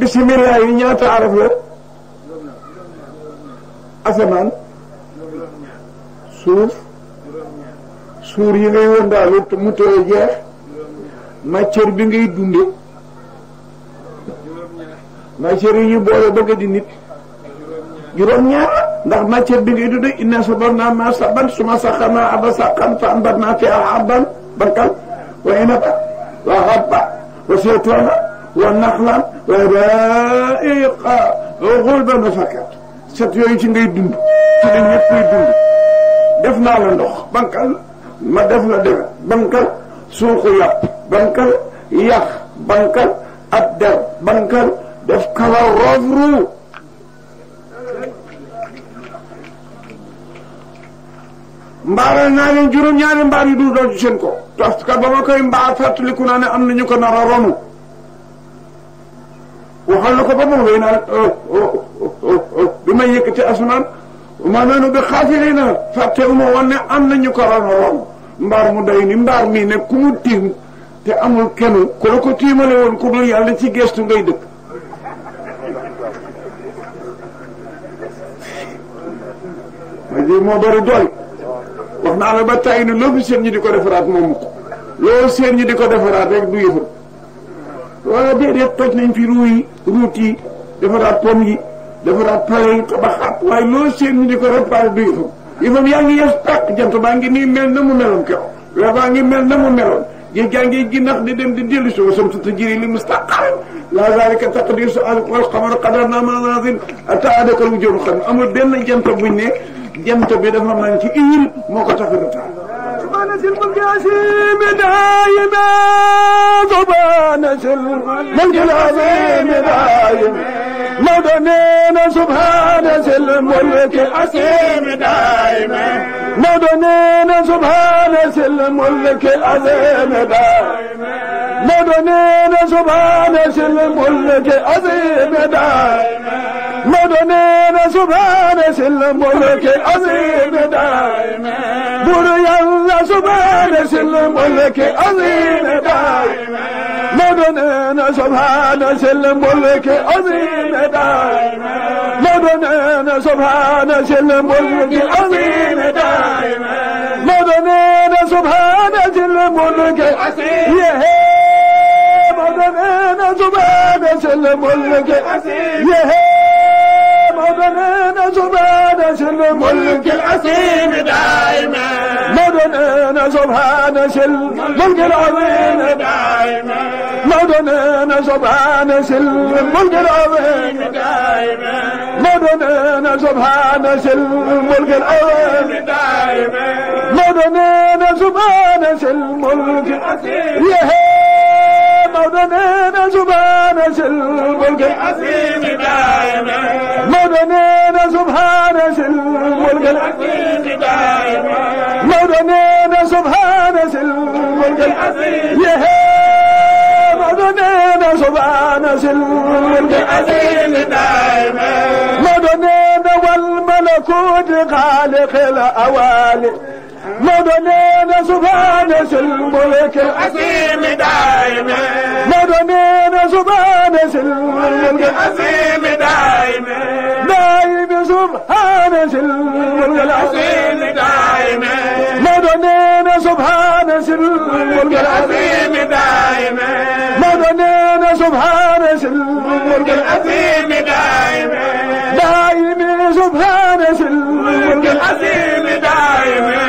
bisimilah yi ñaata araf la asaman suuf suur yi ngay wëndaalu te mu tee jeex matière bi ngay dunde matière yi ñu boole bëgg di nit juróom-ñaar ndax matière bi ngay dunde inna sabarna ma saban suma saxarna aba saqan fa ambatna fi aban barkan wa inata wa habba wa seetona wa naxlan wa raiqa wa xulban fakat set yooyu ci ngay dund ci la ñëppay dund def naa la ndox bankal ma def la def bankal suuxu yàpp bankal yàq bankal ab der bankal def kala roof ruu mbaaral naa leen juróom-ñaari mbaar yi du doon ci seen ko parce que ba ma koy mbaar fàttaliku naa ne am na ñu ko nar a ronu waxal na ko ba mu wéy naan oh, oh, oh, bi may yëkk ci ma noonu bi xaafilii na fàtte uma woon ne am nañu ko ron mbaar mu day ni mbaar mii ne ku mu tiim te amul kenn ku la ko tiimale woon ku dul yàlla ci gestu ngay dëkk moo bëri doole wax naa la ba tàyyi ne loo fi ñi di ko defaraat moom ko loo seen ñi di ko defaraat rek du yëfal wala déedéet toj nañ fi ruu yi ruut yi defaraat pom yi defaraat pare yi tabaxaat waaye loo seen ñu di ko réparé du yëfam yëfam yaa ngi yes tàkk jant baa ngi nii mel na mu meloon keroog weer baa ngi mel na mu meloon géej gaa ngi ginnax di dem di dellu si wasam tuta jëri li mustaqar la zalika taqdisu alqoos xamar qadar na manazil ata adakal wu joru xam amul benn jant buñ ne jam to bi dafa man ci il moo ko tafi rutaa subhana sil mulki daima subhana sil mulki daima مولى سبحان ذي الملك العظيم دائما مولى سبحان ذي الملك العظيم دائما مولى سبحان ذي الملك العظيم دائما سبحان سل ملك عظيم دائما بوري الله سبحان سل ملك عظيم دائما مدننا سبحان سل ملك عظيم دائما مدننا سبحان سل ملك عظيم دائما مدننا سبحان سل ملك عظيم يا مدننا سبحان سل ملك عظيم مدنين سبحان سل ملك العظيم دائما مدنين سبحان سل ملك العظيم دائما مدننا سبحان سل ملك العظيم دائما مدننا سبحان سل ملك العظيم دائما مدننا سبحان سل ملك العظيم مدنين سبحان ذي الملك العظيم دائما مدنين سبحان ذي الملك العظيم دائما مدنين سبحان ذي الملك العظيم مدنين سبحان الملك العظيم دائما مدنين والملكوت خالق الأوالي مدنين سبحانك الملك العظيم دائما الملك العظيم دائما دائما سبحانك الملك العظيم دائما الملك العظيم دائما مدنينا سبحانك الملك العظيم دائما دائما الملك العظيم دائما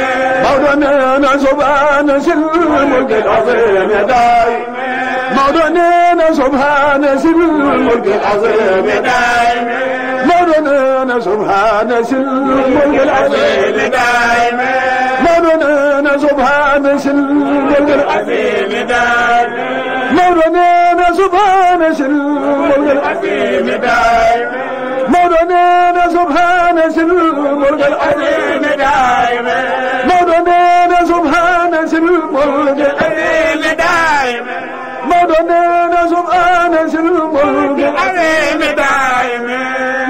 مدننا سبحان سر الملك العظيم دائما مدننا سبحان سر الملك العظيم دائما مدننا سبحان سر الملك العظيم دائما مدننا سبحان سر الملك العظيم دائما مدننا سبحان سر الملك العظيم دائما مدننا سبحان سر الملك العظيم دائما neena subhaana sil mulki azimi daayimi Maodo neena subhaana sil mulki azimi daayimi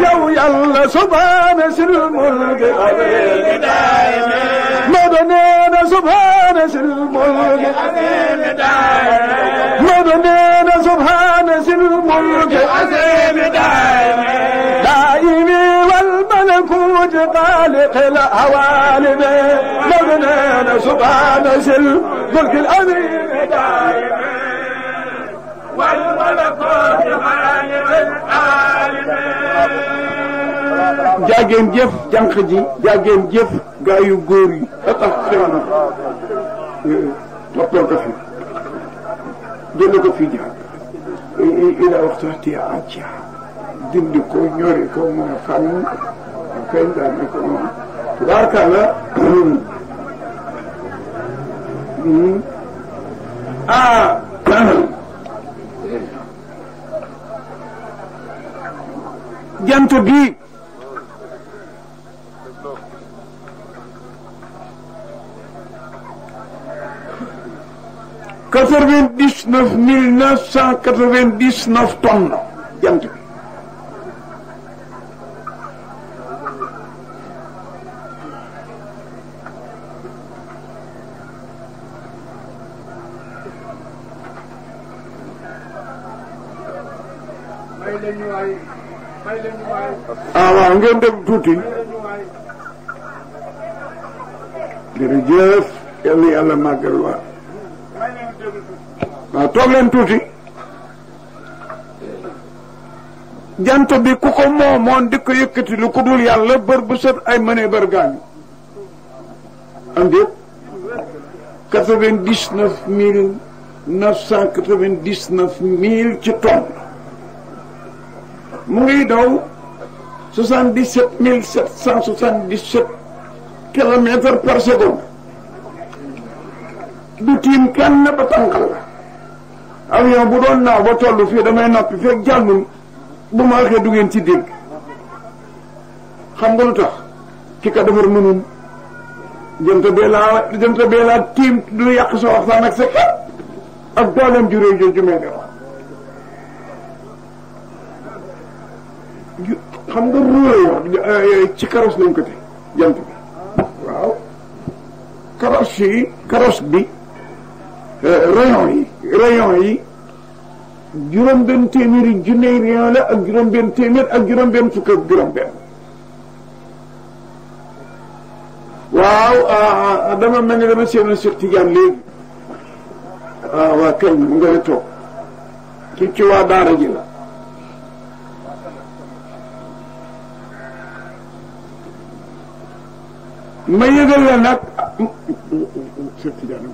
yow yàlla subhaana sil mulki azimi daayimi Maodo neena subhaana sil mulki azimi daayimi Maodo neena subhaana sil mulki azimi daayimi daayimi wal malakuut xaaliq al awaalim مننا سبحان ذي الملك الأمين دائما والملكوت غالبا عالما jaageen jëf jànq ji jaageen jëf gaa yu góor yi ba tax xewoon toppee ko fi jënd ko fi jaar ila waxtu waxti acca dindi ko ñori ko mun a fànn kay daal ne ko moom tubaarkalla ah. [COUGHS] jant bi. quatre-vingt-dix-neuf mille ah ngeen dem tuuti jërëjëf yàlla Atau màggal waa waaw toog leen tuuti jant bi ku ko moomoon di ko yëkkati lu ko dul yàlla bu ay mu ngi daw soixante-dix-sept mille sept cent soixante-dix-sept kilomètres par seconde du tiim kenn ba tànkal la avion bu doon naaw ba toll fii damay noppi fekk jàllul bu ma waxee du ngeen ci dégg xam nga lu tax ki ka defar mënul jëmta bee laa jëmta bee laa tiim du yàq sa ak sa kër ak ju réy jooju xam nga ruuy ci karos lañ ko teg jant bi waaw karos yi karos bi euh, rayon yi rayon yi juróom benn téeméeri junney rayon la ak juróom benn téeméer ak juróom benn fukk ak juróom benn waaw ah, ah, ah, dama mel ne dama seenoon Cheikh Tidiane léegi waaw waa mu nga ne toog ci ci waa daara ji la ma yëgal la nag Cheikh Tidiane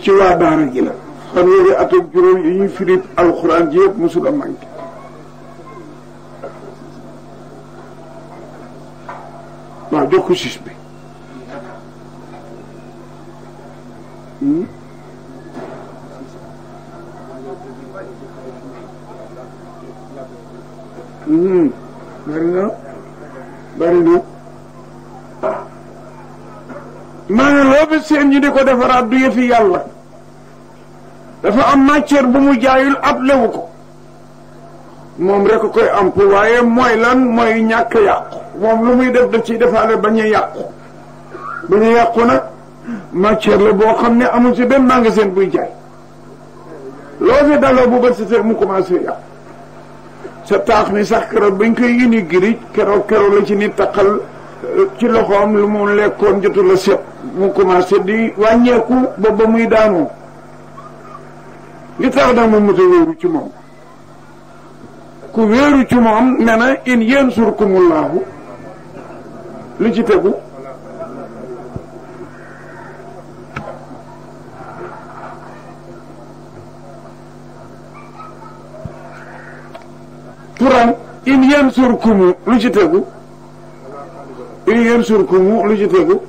ci waa daara ji la fanweeri at ak juróom yi ñuy firi alxuraan ji yëpp mosul a manqué waaw bi hmm? Hmm. bari na bari na maa ngi loo fi seen ñu di ko defaraat du yëfi yàlla dafa am matière bu mu jaayul ab lewu ko moom rek koy employé mooy lan mooy ñàkk yàqu moom lu muy def da ciy defaale bañ a yàqu bañ a yàqu nag matière la boo xam ne amul ci benn magasin buy jaay loo fi daloo bu bët si mu commencé yàqu sa taax mi sax keroog bañ koy indi girij keroog keroog la ci nit taqal euh, ci loxoom lu mu lekkoon jotul a set mu commencé di wàññeeku ba muy daanu li tax nag moom mos wéeru ci moom ku wéeru ci moom nee na in yansurkumullahu lu ci tegu turam in yansurkumu lu ci tegu in yansurkumu lu ci tegu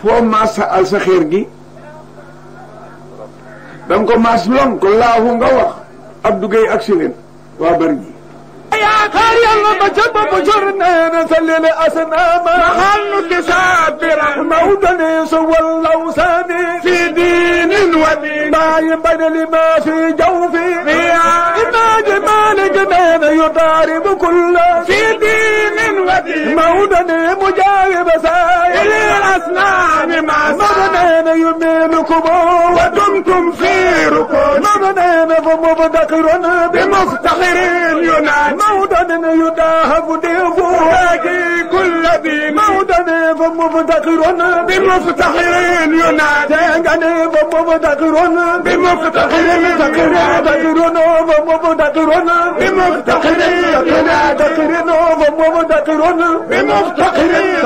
foo maas al sa xeer gi danga ko maas lon ko laahu nga wax Abdou Gueye agsi leen waa bër gi هاي يلا بجنب بجرنا نسلل أسناما محل كساب برحمة ودنيس واللوساني في دين ودين ما ينبني لما في جوفي إما جمال جنان يضارب كل في دين ودين مودني مجاوب سائل الأسلام مع مبنين يمينكم ودمتم في ركن مبنينكم مفتخر بمفتخر ينال موطن يداهب ضيفه باقي كل ذي مفتخرون بمفتخرين ينادى أنا مفتخرون بمفتخرين مفتخرون مفتخرون بمفتخرين مفتخرون مفتخرون بمفتخرين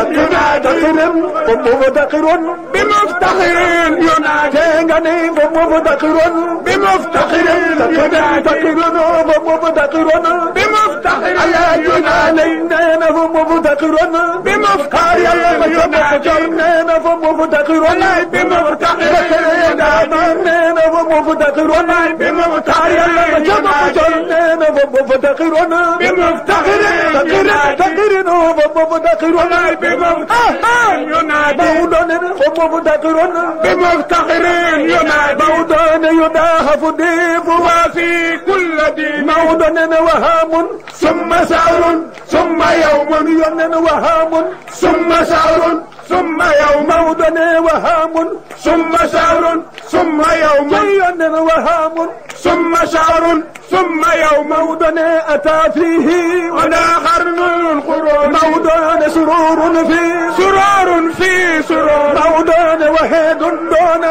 مفتخرون مفتخرون بمفتخرين ينادى أنا مفتخرون بمفتخرين مفتخرون مفتخرون بمفتخرون على جنانينا فم مفتقرنا بمفكار يا مجمعنا فم مفتقرنا بمفكار يا مجمعنا فم مفتقرنا بمفكار يا مجمعنا فافتخرنا بمفتخرنا تقرنا فافتخرنا بمفتخرنا ينادي مولانا فافتخرنا بمفتخرنا ينادي مولانا يداهف ضيف وفي كل دين مولانا وهام ثم سعر ثم يوم ينادي وهام ثم سعر ثم يوم ودن وهام ثم شعر ثم يوم ودن وهام ثم شعر ثم يوم ودن أتى فيه ولا قرن القرون مودان سرور في سرور في سرور مودان وهيد دون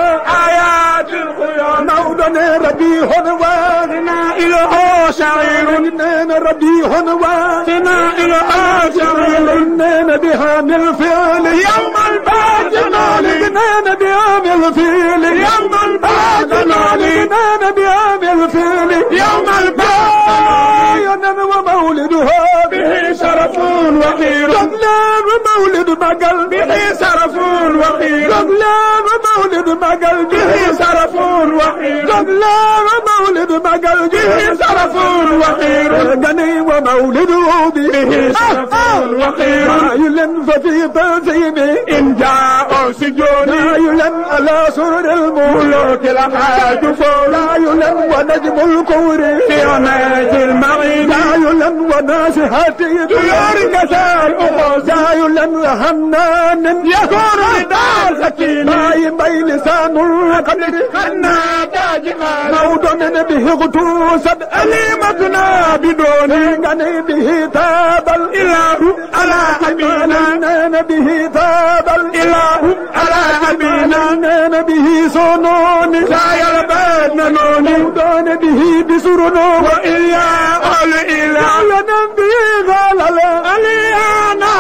آيات القيام مودان ربيع وغنى إلى شعير إننا ربيع وغنى إلى شعير إننا بها من الفعل يوم يوم البعد جناني جنانة بيعمل فيلي يما البلد جناني جنانة بيعمل فيلي يما البلد جناني ومولدها مقل به سرفون وحيد قبلان مولد مقل به سرفون وحيد قبلان مولد مقل به سرفون وحيد القني ومولده به سرفون وحيد عايلا ففي تنزيمه إن جاءوا سجوني عايلا على سرر الملوك الأحاد فولا عايلا ونجم الكوري في عماد المعين عايلا وناسهتي طيور كسار أخوز عايلا لها فنان يكون بدار ختيل باي باي لسان القدر خنا تاجها موض من به غتوسد أليمتنا بدون غني به تاب الإله على حبينا به تاب الإله على حبينا به صنون لا يلبان نون دون به بسرنون وإيا الإله لنا به غالل أليم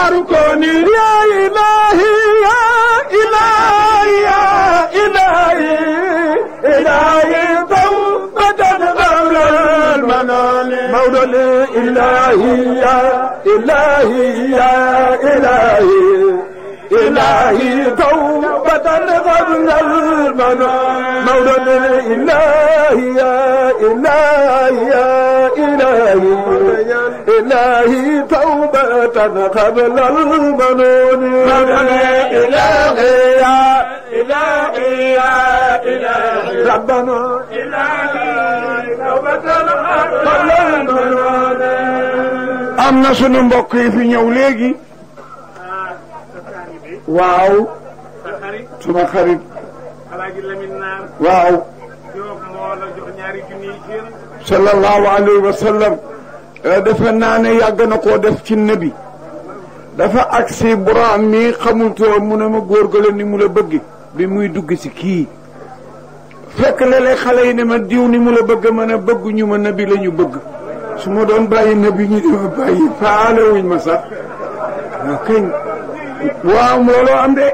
يار كوني يا إلهي يا إلهي يا إلهي إلهي توبة مولى المنان مولى الإلهي يا إلهي يا إلهي إلهي توبة قبل المنام مولانا إلهي يا إلهي يا إلهي إلهي توبة قبل المنون مولانا إلهي يا إلهي يا إلهي ربنا إلهي توبة قبل المنون am na sunu mbokk yi fi ñëw léegi waaw. sa xarit. suma xarit. waaw. Diop moo la wa sallam. Eh, dafa naa ne yàgg na koo def ci nabi. dafa agsi buraam mi xamul too mu ne ma góor ga ni mu la bëgg bi muy dugg ci kii. fekk léeg xale yi ne ma diw ni mu la bëgg ma ne bëgguñu ma nabi la ñu bëgg. su ma doon bàyyi nabi ñu dama bàyyi faale ma sax. waaw kañ. waaw looloo am de.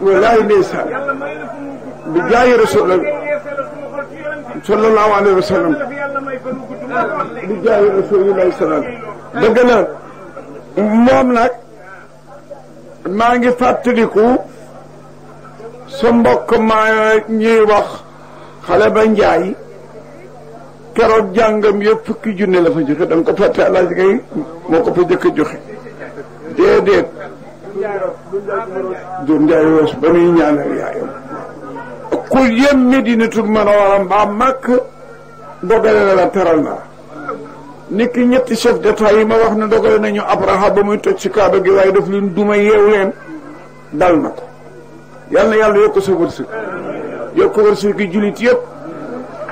wallaahi ndeysaan. bi jaay rasul sallallahu alayhi wa sallam. bi jaay rasulillahi salaam. bëgg na moom nag maa ngi fàttaliku sa mbokk maa ñuy wax xale ba Njaay keroog jàngam yëpp fukki junne la fa joxe da nga ko fàtte àll moo ko fa jëkk joxe. déedéet du njaayroos ba muy ñaanal yaayam ku yem Medinatul Munawwara mbaa màkk dogale na la teral na nit ki ñetti chef d'état yi ma wax ne dogale nañu Abraha ba muy toj ci kaaba gi waaye daf leen duma yeew leen dal na ko yal yàlla yokk sa wërsëg yokk wërsëg gi jullit yëpp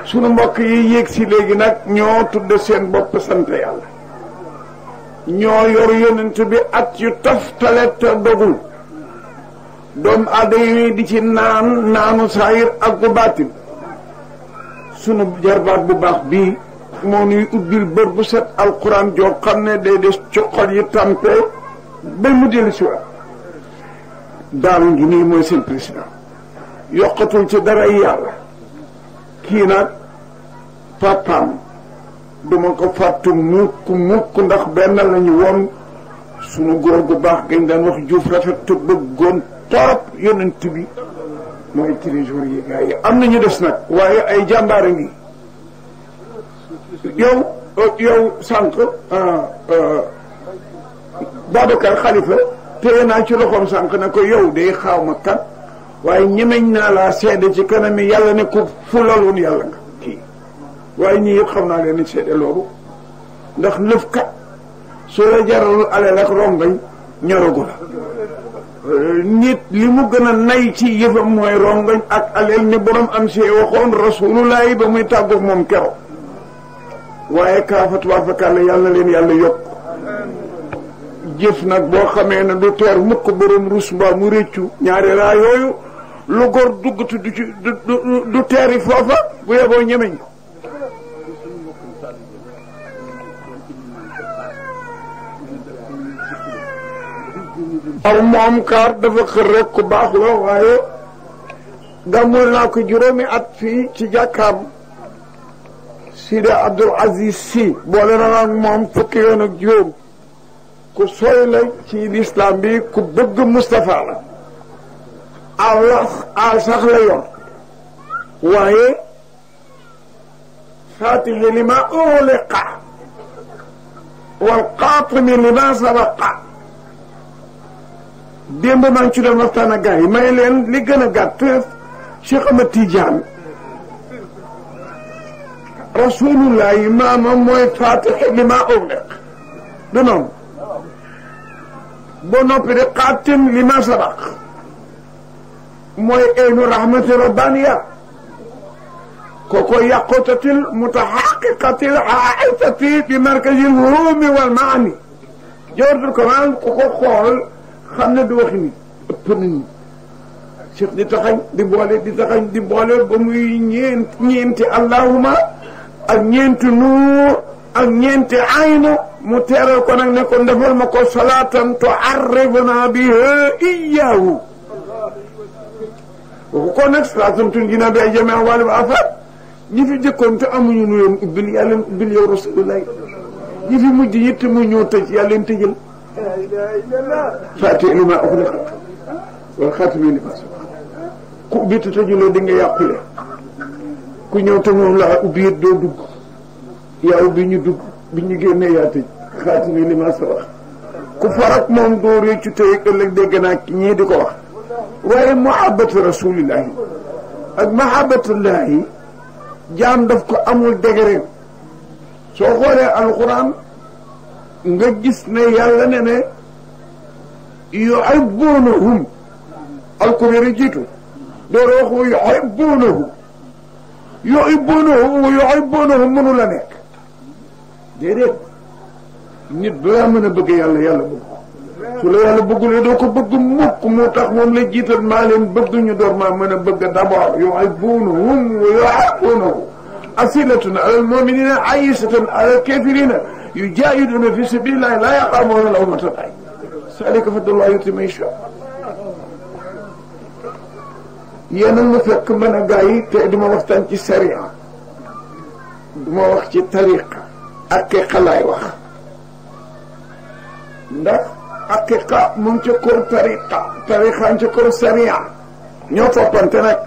sunu mbokk yi yéeg si léegi nag ñoo tudde seen bopp sant yàlla ñoo yor yonent bi at yu toftale te dogul doomu aadama di ci naan naanu saayir ak bu baatin sunu jarbaat bu baax bii moo nuy ubbil bër bu set alquran joo xam ne day des ci yi tàmpe ba mu dellu si waat daaru ngi mooy seen président yokkatul ci dara yàlla kii nag papaam duma ko fàttu mukk mukk ndax benn lañu woon sunu góor gu baax gañ daan wax juuf rafet te bëggoon torop yonent bi mooy trésorier yi gars am na ñu des nag waaye ay jàmbaare ngi yow yow sànq ah, ah, Babacar Khalifa téye naa ci loxoom sànq na ko yow day xaaw ma kat waaye ñemeñ naa laa seede ci kanam yàlla ne ko fulaloon yàlla nga waaye ñii yëpp xam naa leen ni seede loolu ndax lëfkat su la jaralul alal ak rongañ ñoragu la nit li mu gën a nay ci yëfam mooy rongañ ak alal ni borom am see waxoon rasulullahi ba muy tàggoog moom kero waaye kaafatuwaa fakàlla yàlla leen yàlla yokk jëf nag boo xamee ne du teer mukk borom rus mbaa mu réccu ñaari raa yooyu lu góor duggatu du teeri foofa bu yeboo ñemeñ aw moom kaar dafa xër ku baax la waaye gàmmul naa juróomi at fii ci jàkkaam Sidi Abdul Aziz si boole na ak moom fukki yoon ak ku sooy la ci lislaam ku bëgg Moustapha la aal la waaye faatixi li ma uliqa wal qaatimi li ma sabaqa démb maa ngi ci doon waxtaan ak gars yi may leen li gën a gàtt Cheikh Ahmed Tidiane rasulullahi maamam mooy faatix li maa ugliq du noonu ba noppi de xaatim li ma sabaq mooy aynu rahmati rabbaniya koko yaqutatil mutahaqiqatil aitati bi markazi lhurumi walmaani jawharatul kamal ku ko xool xam ne du waxi na nit cheikh di taxañ di boole di taxañ di boole ba muy ñeent ñeenti allahuma ak ñeenti nuur ak ñeenti aynu mu teeral ko nag ne ko defal ma ko salaatan to arribna biha iyaahu waxu ko nag salaatan tun jinaa bi ay jamee wàllu ba afat ñi fi jëkkoon te amuñu nuyoon ubbil yàlla ubbil yow rasulullahi ñi fi mujj ñi te mu ñëw tëj yàlla leen fatiha li maa uxliqa wala xaatimi li maa sabaqa ku ubbi te tëjuloo di nga yàqule ku ñëw te moom laa ubbi doo dugg yaa ubbi ñu dugg bi ñu génnee yaa tëj xaatimi li maa sabaqa ku farak moom doo réccu tey ëllëg dégg naa ñii di ko wax waaye mahabbatu rasulillahi ak mahabbatullahi jaam daf ko amul dégg rek نجسنا يالنا يعبونهم الكبير جيتو دروخو يعبونه يعبونه ويعبونهم منو لنك ديريت نبلا من بقى يالا يالا بقى سولا يالا بقى لدوك بقى موك موتاك موم لجيت المالين بقى ندور ما من بقى دابا يعبونهم ويعبونه أسئلة المؤمنين عيشة على الكافرين يجاهدون في سبيل الله لا يقامون لومة لائم ذلك فضل الله يؤتي من يشاء yéen a ma fekk mën a gaa yi te duma waxtaan ci sariya duma wax ci tariqa aqiqa laay wax ndax aqiqa mu ngi ca kor tariqa tariqa ca kor sariya ñoo toppante nag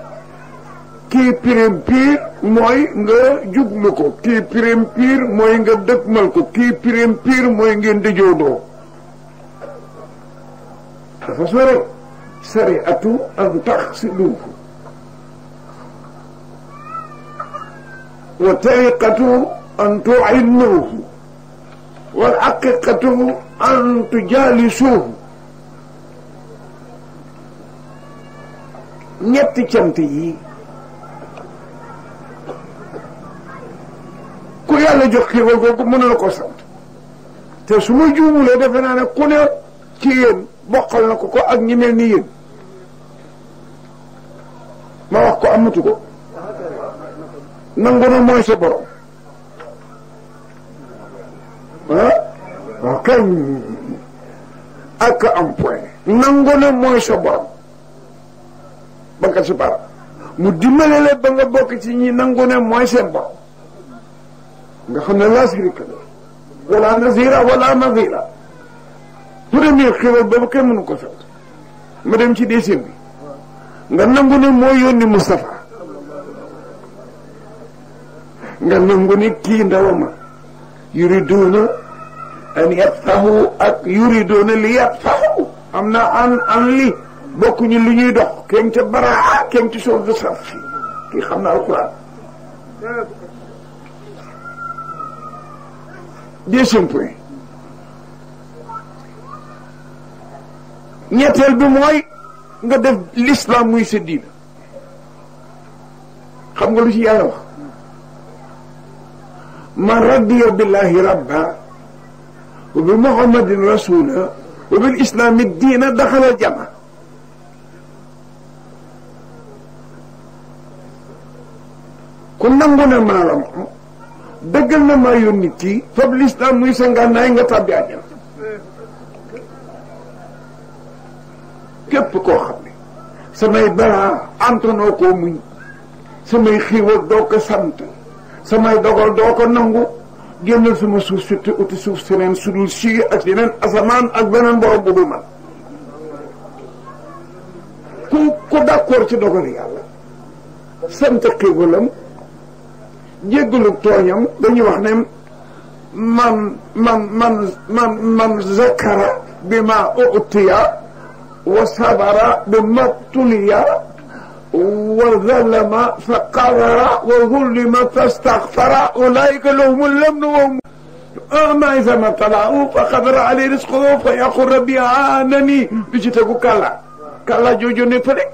Ki pirim piir mooy nga jublu ko ki pirim piir mooy nga dëgmal ko ki pirim piir mooy ngeen di fa dafa sore atu an taxsiluuhu wa taqatu an tu'innu wa aqiqatu an tujalisuuhu ñetti cant yi ku yàlla jox xiifal googu mën la ko sant te su ma juumulee defe naa ne ku ne ci yéen bokkal na ko ko ak ñi mel ni yéen ma wax ko amatu ko nangu na mooy sa borom ah waaw ak am point nangu na mooy sa borom ba nga si mu dimbale la ba nga bokk ci ñi nangu ne mooy seen borom nga xam ne laa sirika def wala nazira wala nazira premier xéwal boobu kenn mënu ko sant ma dem ci deuxième bi nga nangu ne mooy yónni Moustapha nga nangu ne kii ndawama yuriduuna an yatfahu ak yuriduuna li yatfahu am na an an li bokkuñu lu ñuy dox kenn ca baraa kenn ci suuf de saf kii xam na alquran di sumpuy ñetteel bi mooy nga def l'islam muy sa diina xam nga lu ci yàlla wax man radiya billahi rabba wa bi muhammadin rasula wa bil islami diina daxala jama ku nangu ne maa la moom dëggal na maa yónni kii fab lislaam muy sa ngànnaay nga tàbbi àjjana képp koo xam ne samay balaa antonoo koo muñ samay xiiwal doo ko sant samay dogal doo ko nangu génnal suma suuf si te suuf seneen sudul si ak yeneen asamaan ak beneen borom bu dul ku ku d'accord ci dogal yàlla sant xiiwalam jéggalu tooñam dañuy wax ne man man man man man zakara bi ma utiya wa sabara bi ma tuliya wa zalama fa qadara wa zulima fa staghfara ulaika lahum al-amn wa hum أما إذا ما طلعوا فقدر عليه رزقه فيقول ربي أعانني بجتكو كلا كلا جوجوني فرق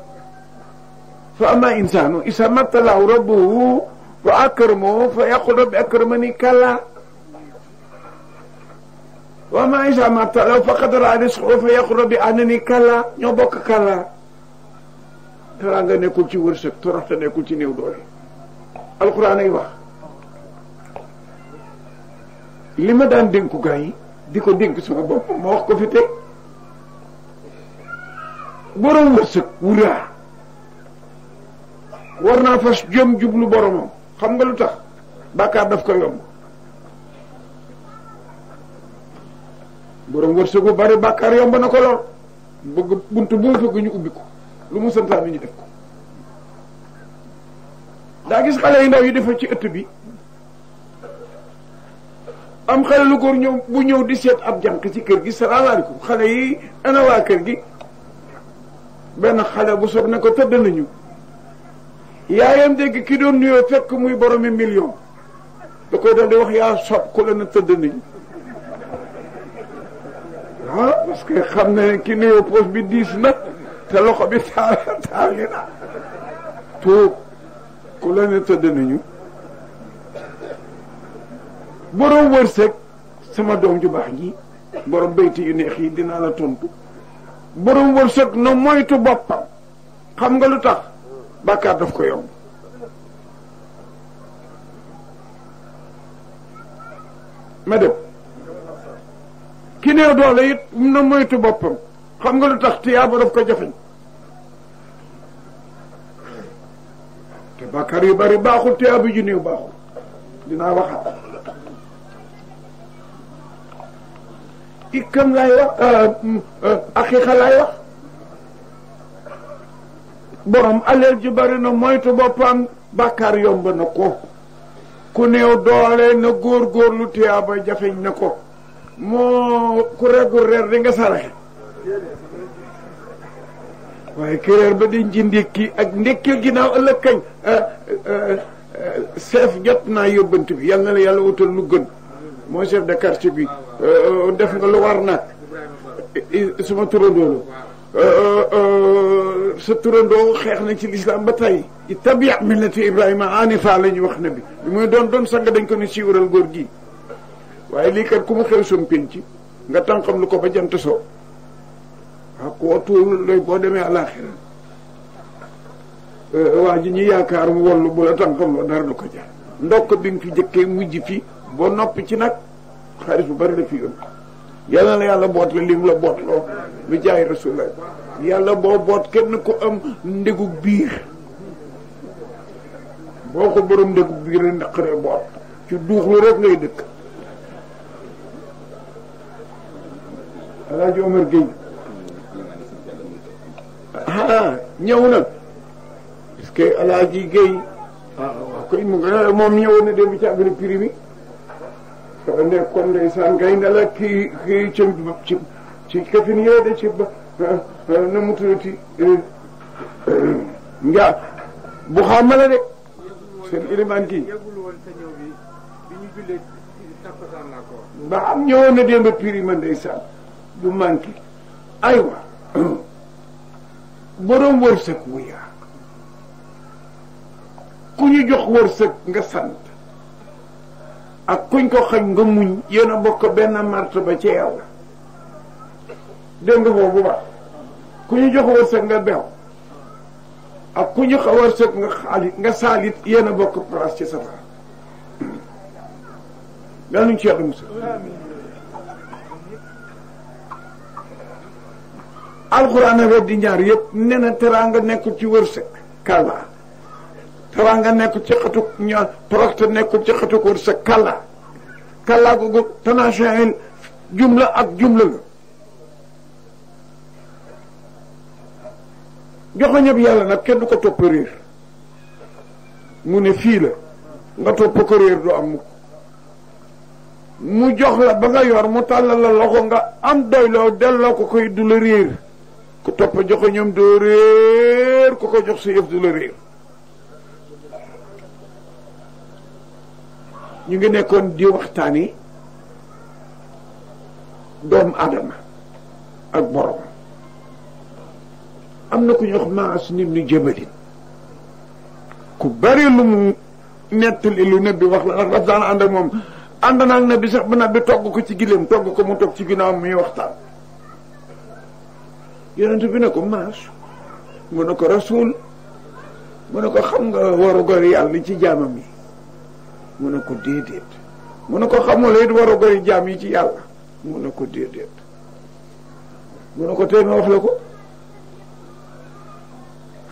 فأما إنسان إذا ما طلعوا ربه وأكرمه فيقول بأكرمني كلا وما إذا ما لو فقدر رزقه فيقول بأنني كلا ñoo bokk kala tara nga nekkul ci wërsëg torox te nekkul ci néew doole alxuraan ay wax li ma daan dénku gaa di ko dénk sama bopp ma wax ko fi tey borom wërsëg wuraa war naa fas jëm jublu boromam xam nga lu tax bàkkaar daf ko yomb borom bu bari bàkkaar yomb na ko lool bëgg bunt bu mu fekk ñu ubbi ko lu mu santaane ñu def ko daa gis xale yi ndaw yi defa ci ëtt bi am xale lu góor ñëw bu ñëw di seet ab jànq ci kër gi ko xale yi ana waa kër gi benn xale bu soog ne ko tëdd nañu yaayam dégg ki doon nuyoo fekk muy boromi million da koy dal di wax yaa sob ku la na tëdd nañ ah parce que xam ne ki nuyoo poche bi diis na te loxo bi taal taali na tuub ku la na tëdd nañu borom wërsëg sama doom ju baax ji borom bayti yu neex yi dinaa la tontu borom wërsëg na moytu boppam xam nga lu tax بكر دفكو يوم مدو كينيو دولي نمويتو بوبم خمغ لو تخ تياب دفكو جافن بكر يبري باخو تياب جنيو باخو دينا واخا آه، آه، ikam lay wax akhi khalay wax borom aleel ji bari na moytu boppam bàkkaar yomb na ko ku néew doole na góor góorlu tuyaaba jafeñ na ko moo ku reggul reer di nga saraxe waaye këréer ba dañ ci ndékki ak ndékki ginnaaw ëllëg kañ chef ah, ah, ah, jot naa yóbbant bi yal na la yàlla wutal lu gën mooy chef de quartier bi def nga lu war nag suma turandoolu Euh, euh, euh, sa turandoo xeex nañ ci lislaam ba tey i tabiya millati ibrahima anifa la ñuy wax ne bi li muy doon doon sang dañ ko ne góor gi waaye lii kat ku mu xew sum pénc nga tànqam lu ko ba jant soo waaw ah, koo tuul lay boo demee àlaxira waa ji ñu yaakaar mu wallu bu la tànqam lu dara du ko jar ndokk bi nga fi jëkkee mujj fi boo noppi ci nag xaalis bu bari la fi yoon yàlla la yàlla boot la li la boot loo bi jaay rasul la yàlla boo boot kenn ku am ndegug biir boo ko borom ndegug biir la naqaree boot ci duuxlu rek ngay dëkk alaaji Omar Gueye ah ñëw na parce que alaaji Gueye ah waaw koy mu moom ñëwoon na dem ci affaire prix bi ne kon ndeysaan gaynde la kii kii ci ci ci këfin yee de ci ba eh, eh, na mu tuddati eh, nga bu xaamale de seen ilimaan kii ba am ñëwoon na démb piri ma ndeysaan du manqué aywa [CLEARS THROAT] borom wërsëg wu yaa ku ñu jox wërsëg nga sant ak kuñ ko xañ nga muñ yéen a bokk benn martaba ci yow dégg nga boobu ba ku ñu jox wërsëg nga bew ak ku ñu wërsëg nga xaalit nga saalit yéen bokk place ci safara yàlla nañu ci yàlla musal alxuraan a weddi ñaar yëpp nee na teraanga nekkul ci wërsëg kàllaa teraanga nekkul ci xëtu ña proxte nekkul ci xëtu ko sa kàlla kàllaa googu tanaasaayil jumla ak jumla la joxo ñëpp yàlla nag kenn du ko topp réer mu ne fii la nga topp ko réer du am mu jox la ba nga yor mu tàllal la loxo nga am doyloo delloo ko koy du la réer ku topp joxo ñoom doo réer ku ko jox sa yëf du la réer ñu ngi nekkoon di waxtaani doomu aadama ak borom am na ku ñu wax maas nit ñu jëmadin ku bari lu mu nettali lu ne wax la ndax daf daan ànd moom ànd naa ne bi sax ba na bi togg ko ci gileem togg ko mu toog ci ginnaaw muy waxtaan yonent bi ne ko maas mu ne ko rasuul mu ne ko xam nga waru gor yàlla ci jaamam yi mu ne ko déedéet mu ne ko xamul it war a gori jaam yi ci yàlla mu ne ko déedéet mu ne ko tey ma ko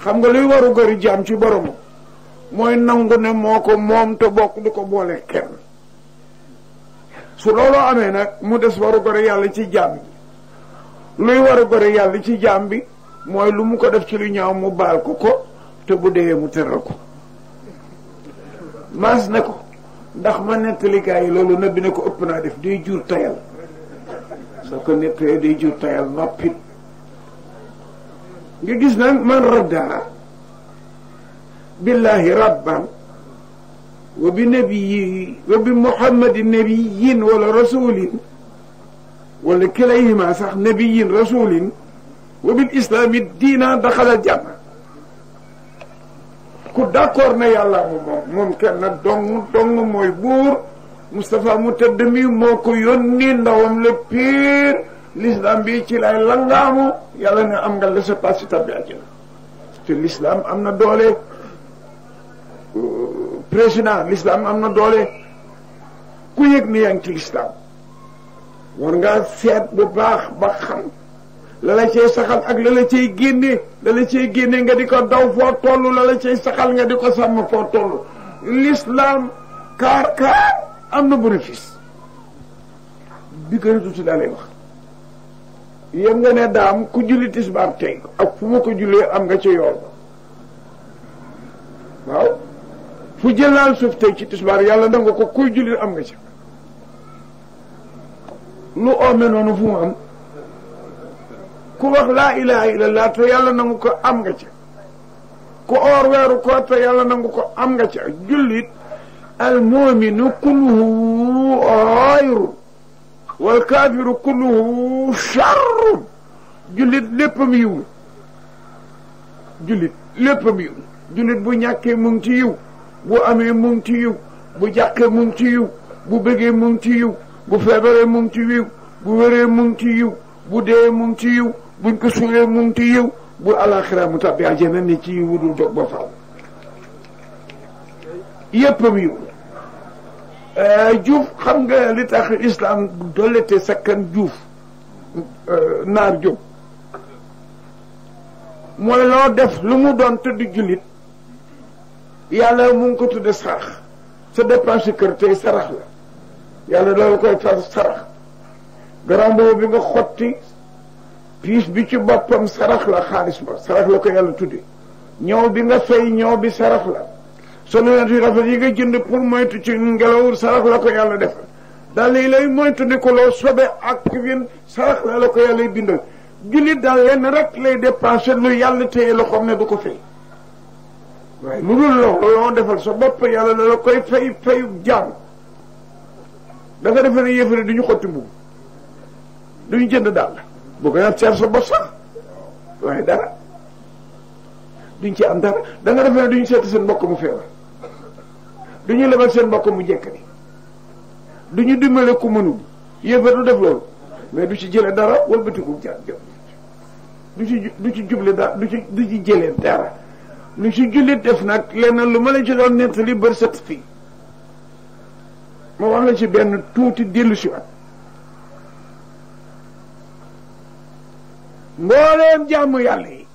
xam nga luy waru gori jaam ci boromu mooy nangu ne moo ko moom te bokk du ko boole kenn su loolu amee nag mu des waru gori yàlla ci jaam bi luy waru gori yàlla ci jaam bi mooy lu mu ko def ci lu ñaaw mu baal ko ko te bu dee mu teral ko maas ne ko ndax ma gaa yi loolu nëbbi ne ko ëpp naa def day jur tayal soo ko nettalee day jur tayal noppit nga gis nag man raddaa billahi rabban wa bi nabiyi wa bi muhammadin nabiyin wala rasulin wala kilayhima sax nabiyin rasulin wa bil islami diina daxala janna ku d'accord na yàlla mu moom moom kenn dong dong mooy buur Moustapha mu tëdd mi moo ko yónni ndawam la piir l'islam bi ci lay langaamu yàlla ne am nga laissez-passer tabbi àjjana te l'islam am na doole euh, président l'islam am na doole ku yëg ni yaa ngi ci l'islam war seet bu baax ba xam la la cay saxal ak la la cay génne la la génne nga di ko daw foo toll la la cay saxal nga di ko sàmm foo toll l'islam kaar kaar am na bénéfice bi gën a tuuti laa lay wax yem nga ne daam ku julli tisbaar tey ak fu ma ko jullee am nga ca yoon waaw fu jëlaal suuf tey ci tisbaar yàlla nangu ko kuy julli am nga ca lu oome noonu fu mu am ku wax laa ilaha illallah te yàlla nangu ko am nga ca ku oor weeru koor te yàlla nangu ko am nga ca jullit almuuminu kulluhu xayrun wal kaafiru kulluhu sharrun jullit léppam bu ñàkkee mu ngi ci yiw bu amee mu ngi bu jàqee mu ngi ci bu bëggee mu ngi ci bu feebaree mu ngi ci yiw bu wéree mu ngi ci yiw bu dee mu ngi ci yiw buñ ko suulee mu ngi yiw bu alaxira mu tàbbi àjjana ni ci wudul dog ba faaw yëppam yiw eh, juuf xam nga li tax islam dollete sakkan juuf eh, naar jóg mooy loo def lu mu doon tëdd jullit yàlla mu ngi ko tudde sarax sa dépense kër tey sarax la yàlla dala koy far sarax garambo bi nga xotti piis bi ci boppam sarax la xaalis ba sarax la ko yàlla tudde ñëw bi nga fay ñëw bi sarax la solo yu rafet yi nga jënd pour moytu ci ngelaw sarax la ko yàlla def daal yi lay moytu ni ko loo sobe ak win sarax la la ko yàlla bindal jullit daal lenn rek lay dépensé lu yàlla téye loxoom ne du ko fay waaye lu dul looloo defal sa bopp yàlla la la koy fay fayu jaam da nga defee ne yëfari du ñu xotti mbubb du ñu jënd daal bu ko yor seer sa bopp sax waaye dara duñ ci am dara danga nga defee duñu duñ seen mbokk mu feebar duñu lebal seen mbokk mu njëkk ni duñu dimbale ku mënul yéefar du def loolu mais du ci jële dara wëlbatiku jaar jot du ci du ci juble dara du ci du jëlee dara lu ci jullit def nag lenn lu ma la ci doon nettali bër sët fii ma wax la ci benn tuuti dellu si waat mbooleem jàmm yàlla yi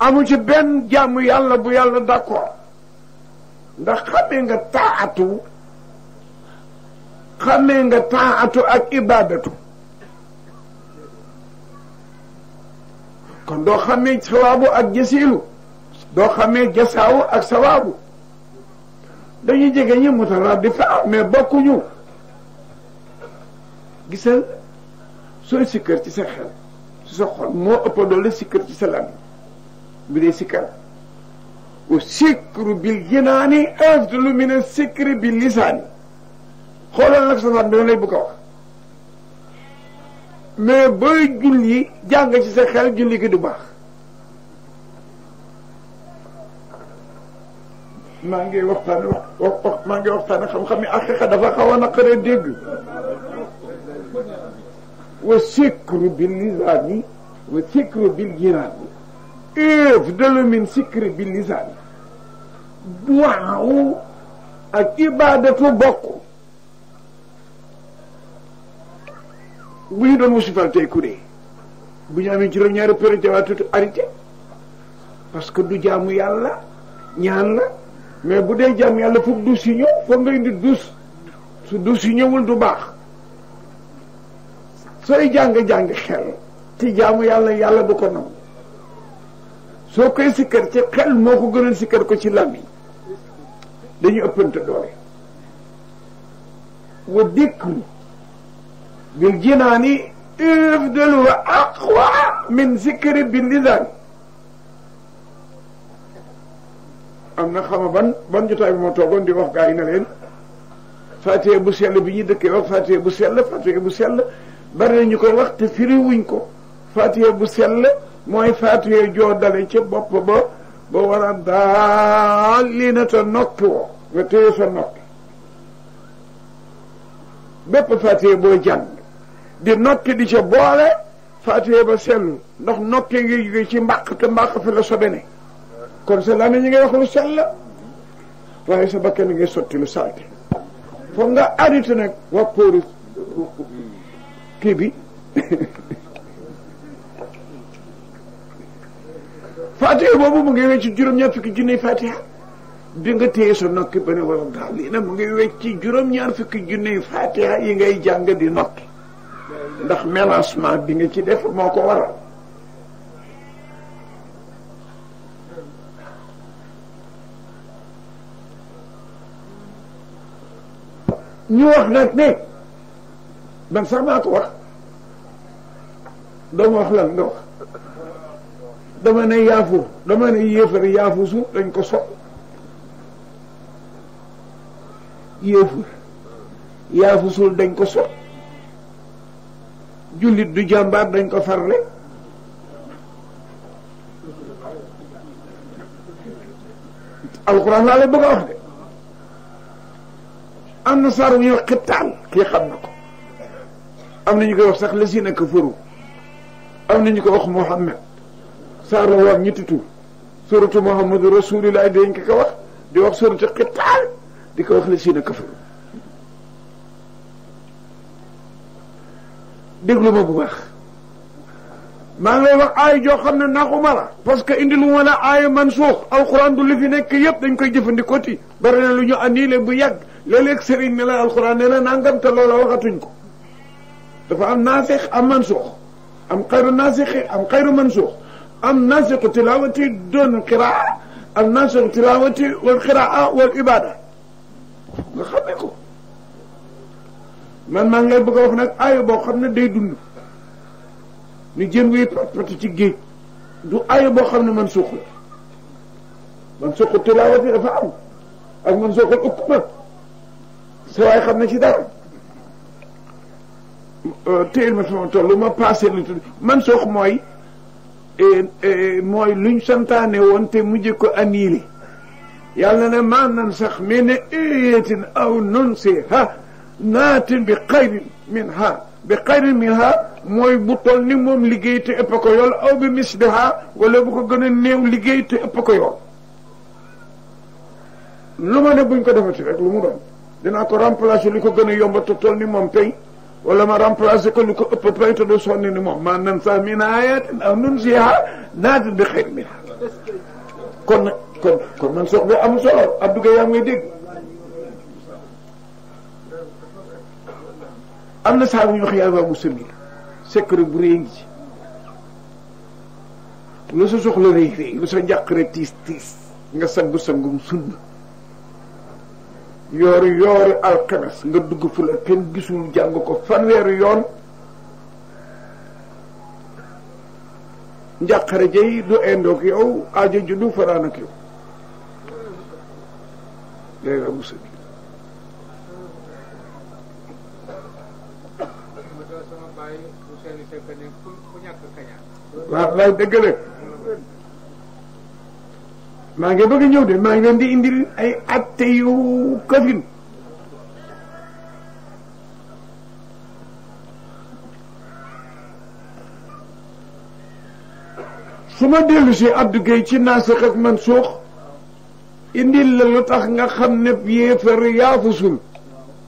amu ci benn jàmm yàlla bu yàlla d'accord ndax xamee nga taatu xamee nga taatu ak ibadatu kon doo xamee sawaabu ak jasiilu doo xamee jasaawu ak sawaabu dañuy jege ñi mutaraadifa mais bokkuñu gisal sooy sikkar ci sa xel ci sa xol moo ëpp doole sikkar ci sa làmmiñ bi dee sikkar wa sikru bil jinaani afdalu min a sikri bil lisaani xoolal nag sa làmmiñ lay bu ko wax mais booy julli jàng ci sa xel julli gi du baax maa ngi wax wax maa ngi waxtaan xam-xam yi ak xeex dafa wa sikru bil lisaani wa sikru bil jinaani afdalu ak ibaadatu bokk bu ñu doon wasifal tey ku dee bu ñu amee juróom-ñaari priorité waa tuuti arrêté parce que du jaamu yàlla ñaan la mais bu dee jaamu yàlla foog duus yi ñëw foog nga indi duus su duus yi ñëwul du baax sooy jàng-jàng xel ci jaamu yàlla yàlla du ko nangu soo koy sikkar ci xel moo ko gënoon sikkar ko ci làmmiñ dañu ëppante doole wa dikru bil jinaani afdal wa aqwa min sikkari bi lisaan am na xama ban ban jotaay bi moo toogoon di wax gaa yi ne leen fàttee bu sell bi ñuy dëkkee wax fàttee bu sell fàttee bu sell bari na ñu koy wax te ko fatiha bu sell mooy fatiha joo dale ca bopp ba ba war a daal lii na ta noppi woo nga téye sa noppi bépp fatiha boo jàng di noppi di ca boole fatiha ba sellu ndax noppi ngi jóge ci mbaq te mbàq fi la sobe ne kon sa làmmiñ ñi ngay wax lu sell waaye sa bakkan ngi sotti lu salte foog nga arrêté nag wax pour kii bi fatiha bobu mu ngi wéccu juróom-ñaar fukki junni fatiha di nga téye sa nokki ba ne wala daal lii nag mu ngi wéccu juróom-ñaar fukki junni fatiha yi ngay jàng di nokki ndax mélancement bi nga ci def moo ko waral ñu wax nag ne man sax ma ko wax dama wax lan nga dama ne yafu dama ne yefere yafu su dañ ko sopp yefu yafu su dañ ko sopp julit du jambar dañ ko farle alquran la la bëgg wax de am na ki ko am na ñu koy wax sax la si nekk fëru am na ñu ko wax Muhammad saar la woon ñetti tur suratu Muhammadu Rasulillah dañ ko wax di wax suratu Qitaal di ko wax la si nekk fëru déglu ma bu baax maa ngi lay wax aay joo xam ne naxuma la parce que indi lu ma la aaya mansuux alxuraan du li fi nekk yëpp dañ koy jëfandikoo ti bari na lu ñu annulé bu yàgg léeg-léeg sëriñ ne la alxuraan ne la nangam te loola waxatuñ ko دفع ام ناسخ ام منسوخ ام غير ناسخ ام غير منسوخ ام ناسخ تلاوتي دون قراءة ام ناسخ تلاوتي والقراءة والعبادة نخميكو من ما نغير بغا وخنا اي بو خامني داي دوند ني جيم وي باتي سي جي دو اي بو خامني منسوخ لا منسوخ تلاوتي دفع ام ak man sokol ukuma sa way xam na ci dara Euh, téyel ma sama toll ma passé lu tudd man soox mooy eh, eh, mooy luñ santaane woon te mujj ko annulé yàlla na maa nan sax mi ne éyeetin aw non see ha naatin bi xayrin min ha mooy bu toll ni moom liggéey te ëpp yool aw bi mis di ha wala bu ko gën a néew liggéey te ëpp ko yool lu ma ne buñ ko defati rek lu mu doon dinaa ko remplacer li ko gën a yomb te toll ni moom tey wala ma remplacé ko lu ko ëpp payta du sonni ni moom maa nan sax min ayatin aw nunsiha bi xëy mi kon kon kon man bi am solo Abdou Gueye yaa ngi am na saa bu ñu wax yaay waa mu sëmil secret bu réy ngi ci lu sa soxla réy réy tiis tiis nga sangu sangum sunna yooru yooru alxames nga dugg fu la kenn gisul jàng ko fanweeru yoon njàqare jëy du indoog yow aajo du fanaan ak yow léegi amu dëgg la ma ngi bëgg ñëw de maa ngi leen di indil ay atte yu kafin su ma dellu si Abdou Gueye ci naasix ak mansuux indil la lu tax nga xam ne yéefar yaafusul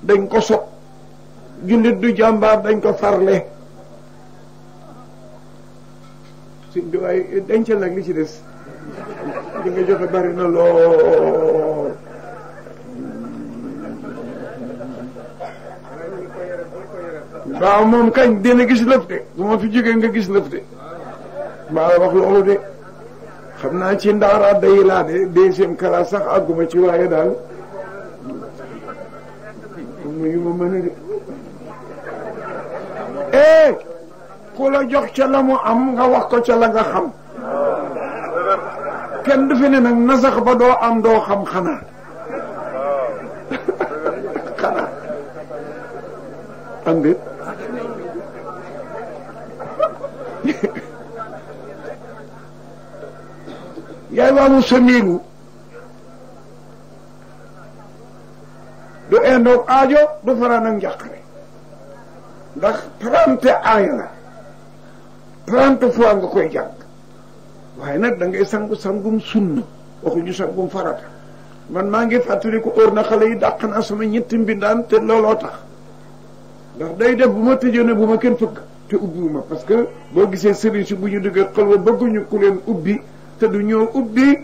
dañ ko sob jullit du jàmbaar dañ ko farle suñ duwaay dencal nag li ci des li nga joxe bari na lool waaw moom kañ dina gis lëf de fi jógee nga gis lëf de wax loolu de xam naa ci ndaara day laa de deuxième classe sax àgguma ci waaye daal mu yu ma de eh ku la jox ca am nga wax ko ca nga xam kenn du fi ne nasax ba doo am doo xam xanaa xanaa am yaay waamu sa néegu du indoog aajo du faraan ak njàqare ndax trente aaya la trente koy jàng waaye nag da ngay sangu sangum sunna waxuñu sangum farata man maa ngi fàttali ko óor na xale yi dàq naa sama ñetti mbindaan te looloo tax ndax day def bu ma tëjee ne bu ma kenn fëgg te ubbiwuma parce que boo gisee sëriñ si bu ñu duggee xalwa bëgguñu ku leen ubbi te du ñoo ubbi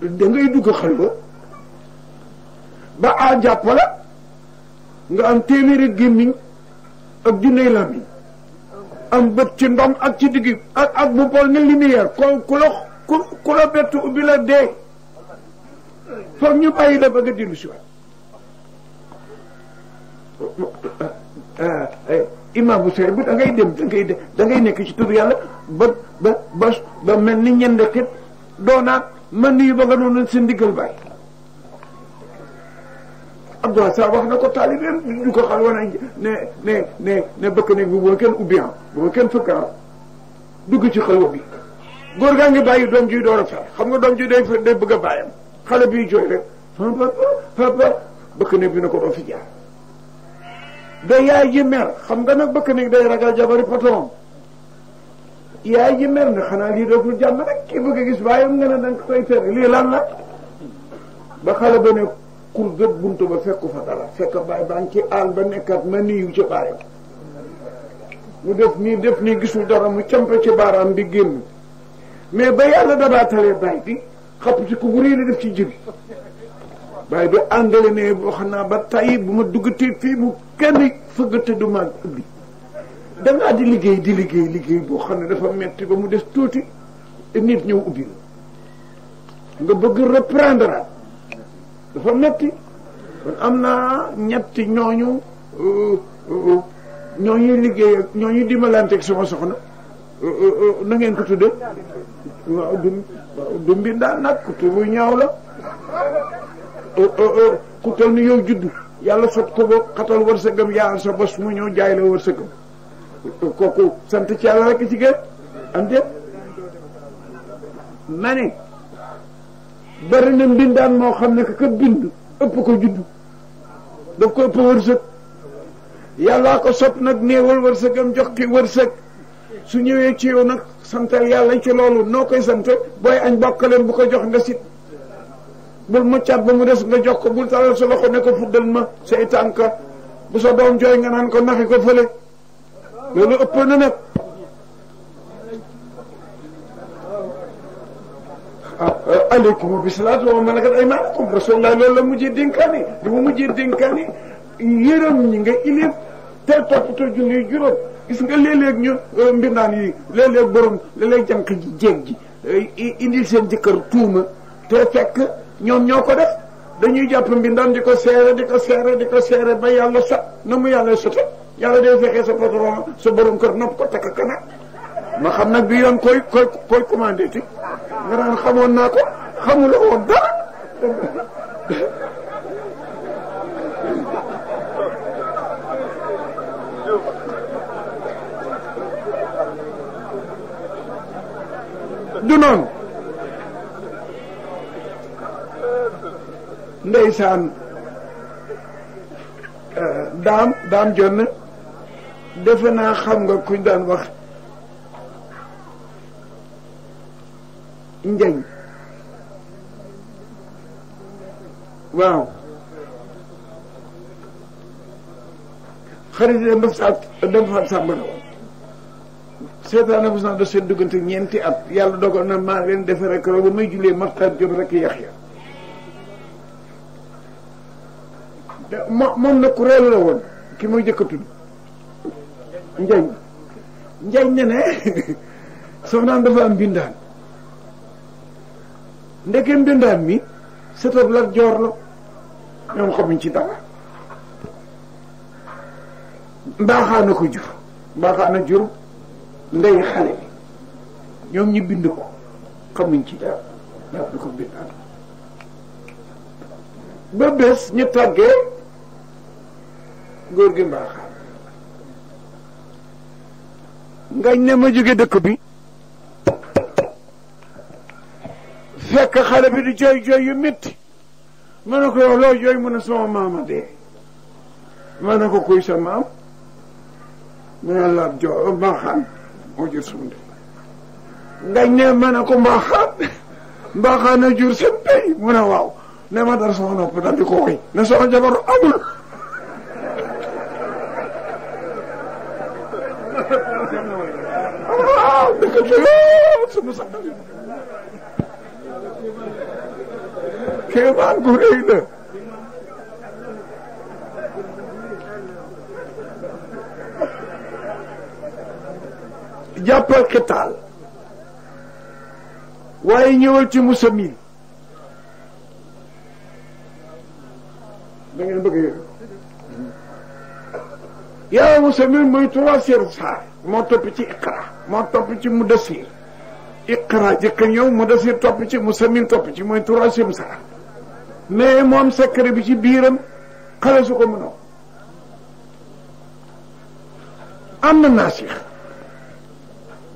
da ngay dugg xalwa ba a jàppala nga am téeméeri gémmiñ ak junney làmmiñ am bët ci ndom ak ci digg ak ak bu bool ni lumière kon ku la ku la bett ubbi ñu bàyyi la ba nga dellu si waat eh, eh, imam bu sey bu da ngay dem da nekk ci tur yàlla ba ba ba ba mel ni ñenn xit doonaat mën nuyu ba nga doon si ndigal bàyyi Abdoulaye Sarr wax na ko taalibeem ñu ko xam wane ne ne ne ne bëkk nañ bu ba kenn ubbi ah bu ba kenn fëkk ah dugg ci xalwa bi góor gaa ngi bàyyi doom ji door a fer xam nga doom ji day day bëgg a xale bi jooy rek papa papa bëkk néeg bi na ko doo fi jaar da yaay ji mer xam nga nag bëkk néeg day ragal jabari patron yaay ji mer na xanaa lii dootul jàmm rek ki bëgg a gis bàyyam nga ne danga koy fer lii lan la ba xale ba ne kurgat buntu ba fekku fa dara fekk baay baa ngi ci aal ba nekkaat ma niyu ci baayam mu def nii def nii gisul dara mu campe ci baaraam bi génn mais ba yàlla dabaatalee baay bi xapp ci ko bu réy la def ci jëbi baay bi àndale ne boo xam naa ba tàyyi bu ma duggatee fii bu kenn fëggate du mag ubbi dangaa di liggéey di liggéey liggéey boo xam ne dafa metti ba mu des tuuti nit ñëw ubbi la nga bëgg reprendre dafa metti kon am na ñetti ñooñu euh, euh, ñooñuy liggéey ak ñooñuy dimbalante ak soxna euh, na ngeen ko tudde waaw du du nag ku tubu ñaaw la ku tal yow judd yàlla sot ko ba xatal wërsëgam yaa sa bos mu ñëw jaay la wërsëgam kooku ci yàlla rek ci gën am déet ma bari na mbindaan moo xam ne ka bind ëpp ko juddu daf ko ëpp wërsëg yàllaa ko sopp nag néewal wërsëgam jox ki wërsëg su ñëwee ci yow nag santal yàlla ci loolu noo koy sant booy añ bokkaleen bu ko jox nga sit bul muccaat ba mu des nga jox ko bul talal sa loxo ne ko fuddal ma say tànk bu sa doom jooy nga naan ko naxi ko fële loolu ëpp na nag aleykum bi salaatu wa malakat aymaanukum rasulullah loolu la mujjee dénkaane dafa mujjee dénkaane yërëm ñi nga ilif te toppatoo junni juróom gis nga léeg-léeg ñu euh, mbindaan yi léeg-léeg borom léeg ji jéeg ji euh, indil seen jëkkër tuuma te fekk ñoom ñoo ko def dañuy jàpp mbindaan di ko seere di ko seere di ko seere ba yàlla sa na mu yàlla sote yàlla day fexee sa patron sa borom kër nopp ko takk kana ma xam nag bi yoon koy koy koy commandé ti nga naan xamoon naa ko xamula dara du noonu ndeysaan euh, daam daam jonn defe naa xam nga kuñ daan wax waaw xarit yi dafa at dafa sàmm na woon seetaan na sax da seen duggante ñeenti at yàlla dogal na maa leen defaree keroog ba may jullee Maxtaar Jóob rek Yaxya moom nag ku réew la woon ki mooy jëkk a tudd njañ njañ ne ne [LAUGHS] soxnaam dafa am mbindaan ndeke mbindaan mi sëtëb Lat Joor la ñoom xamuñ ci dara mbaaxaana ko jur mbaaxaana jur ndey xale bi ñoom ñu bind ko xamuñ ci dara ñaar di ko bindaan ba bés ñu tàggee góor gi mbaaxaan ngañ ne ma jóge dëkk bi fekk xale bi di jooy jooy yu métti ma ne ko yow loo jooy mu ne sama maama dee ma ne ko kuy sa maam mu ne la joo mbaaxaan moo jur sama ndey dañ ne ma ne ko mbaaxaan mbaaxaan a jur sa pay mu ne waaw ne ma dara sama nopp daal di ko woy ne sama jabar amul waaw [LAUGHS] ah, dëkk bi sama sax Kewan gure itu. jàppal xitaal waaye ñëwal ci musamin Ya ngeen bëgg yëg yaa musamin mooy troisième saar moo topp ci iqra moo topp ci mudassir iqra jëkk ñëw mudassir topp ci musamin topp ci mooy troisième saar mais moom secret bi ci biiram xale su ko mën am na naasix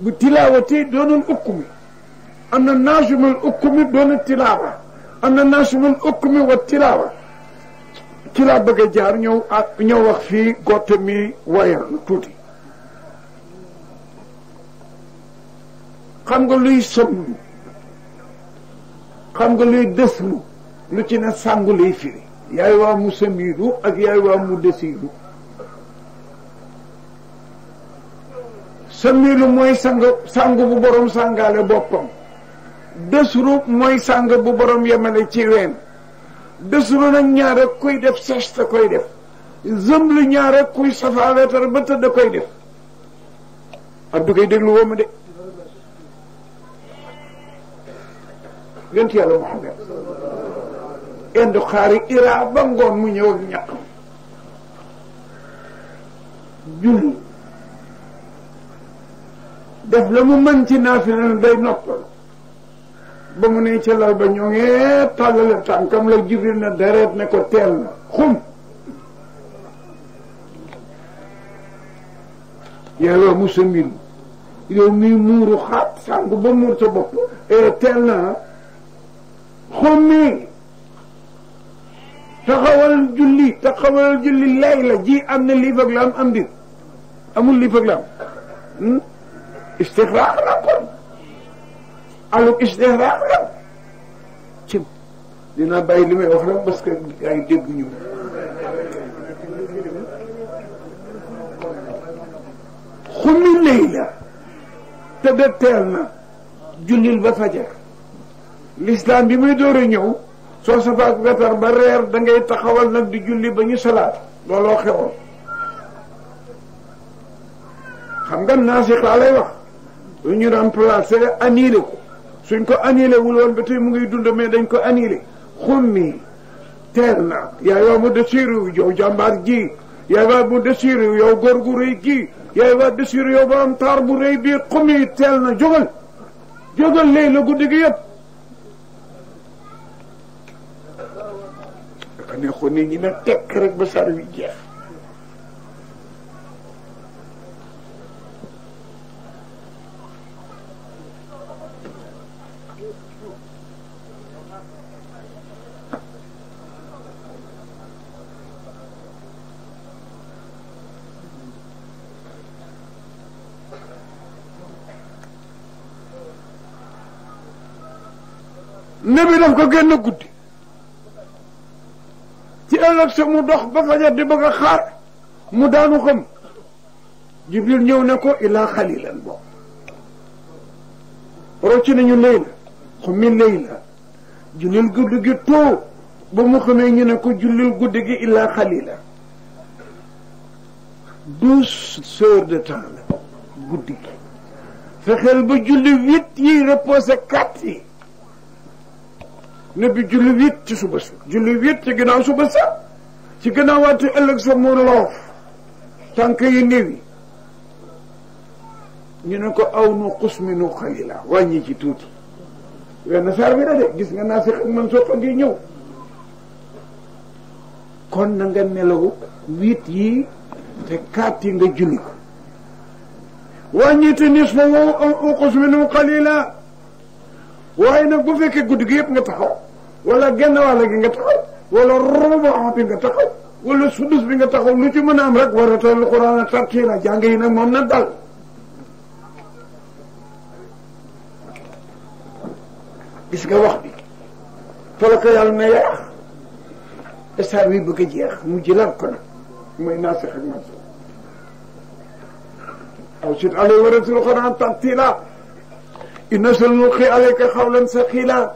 bu tilaawati doonul ukkumi am na naasumul ukkumi doonul tilaawa am na naasumul ukkumi wa tilaawa ci laa jaar ñëw wax fii gotte mi wayarlu tuuti xam nga luy sëmm xam nga luy dësmu lu ci ne sàngu lay firi yaay waa mu samiiru ak yaay waa mu desiiru samiiru mooy sang sàng bu borom sàngaale boppam desiiru mooy sàng bu borom yemale ci ween desiiru nag ñaar ak kuy def sas da koy def zëm lu ñaar ak kuy safaa ba tëdd koy def Abdou koy déglu woo ma de yonent yàlla Muhammad indu xari ira ba ngon mu ñew ak ñak julli def la mu mën ci na day noppal ba mu ne ci law ba ñoo la jibril na deret ne ko teel na xum yàlla musa mbin yow muy muuru xaat sàngu ba muur sa bopp eh, teel na xum تخول جلي تخول جلي الليلة جي أمن اللي فقلام أمدير أمن اللي فقلام استقرار ربكم قالوا استقرار رب كم لنا باي لما يوفر بس كي يعني يدبنيو خم الليلة تدتلنا جلي الفجر الإسلام بما يدور نيو soo safaak wetar ba reer da ngay taxawal nag di julli ba ñu salaat looloo xewoon xam nga naasix laa lay wax lu ñu remplacé annulé ko suñ ko annulé wul woon ba tey mu ngi dund mais dañ ko annulé xummi teer na yaay waa mu desiru yow jàmbaar ji yaay waa mu desiru yow góor gu rëy gi yaay waa desiru yow borom taar bu rëy bii xummi teel na jógal jógal la guddi gi yëpp ne xone ñi na tekk rek ba sar wi jeex nabi daf ko génn guddi ci ëllëg sa mu dox ba fajar di bëgg a xaar mu daanu xam jibril ñëw ne ko ilaa xalilan bo rocci nañu leyla xummi leyla jullil guddi gi too ba mu xamee ñu ne ko jullil guddi gi ilaa xalila douze heures de temps la guddi gi fexeel ba julli huit yi reposé quatre yi ne bi julli huit ci suba sa julli huit ci gannaaw suba sa ci gannaawaatu ëllëg sa mu loof tànk yi néew yi ñu ne ko aw nu xusmi nu xalila wàññi ci tuuti wenn saar bi da de gis nga naa si ak man soppa ngi ñëw kon na nga nelaw huit yi te quatre yi nga julli ko wàññi te nis fa wow aw xusmi nu xalila waaye nag bu fekkee guddi gi yëpp nga taxaw ولا جن ولا جن تقول ولا ربع بين تقول ولا سدس بين تقول نجي من أمرك ورطة القرآن ترتيلا جانجي نمون ندل بسك وقت فلك يا الميح أسهبي بك جيخ مجلال كنا ما الناس خدمت أو شد علي ورطة القرآن ترتيلا إن سنلقي عليك قولا ثقيلا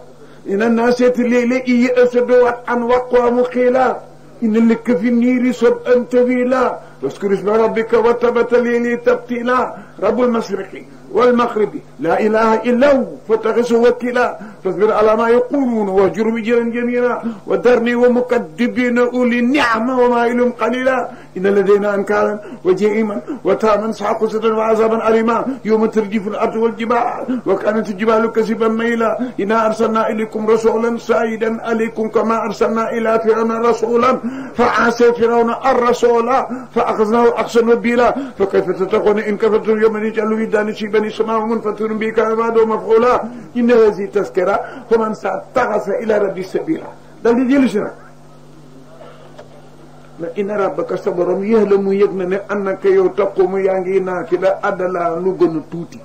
إن الناس يتليلئي يأسدوا عن وقوى مقيلا إن لك في النير سبعا طويلا واذكر اسم ربك وتبت ليلي تبتيلا رب المشرق والمغرب لا إله إلا هو فتغس وكلا فاصبر على ما يقولون واهجر هجرا جميلا ودرني ومكدبين أولي النعمة وما إلهم قليلا إن لدينا أنكالا وتامن وتاما سحقسة وعذابا أليما يوم ترجف الأرض والجبال وكانت الجبال كسبا ميلا إنا أرسلنا إليكم رسولا سعيدا عليكم كما أرسلنا إلى فرعون رسولا فعاسى فرعون الرسول فأخذناه أخذا وبيلا فكيف تتقون إن كفرتم يوم يجعل ويدان شيبا سماء منفطر بك عباد مفعولا إن هذه تذكرة فمن استغاث إلى ربي سبيلا ده اللي na inna rabbaka mu yëg na ne annaka yow taqumu yaa ngi naa fi lu gën a tuuti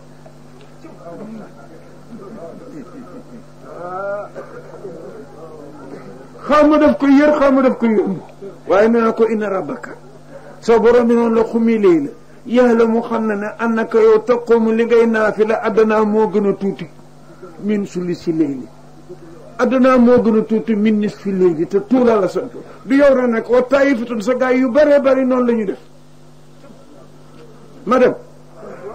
xaw ma def ko yër xaw ma ko yëmb na ko inna rabbaka sa borom bi mu xam na ne annaka yow taqumu li ngay naa fi moo gën a tuuti min suli si lay li addunaa moo gën a tuuti ministre fi léegi te tuula la sant du yow rek nag oo taayifatun sa gaay yu bëree bëri noonu la ñu def ma dem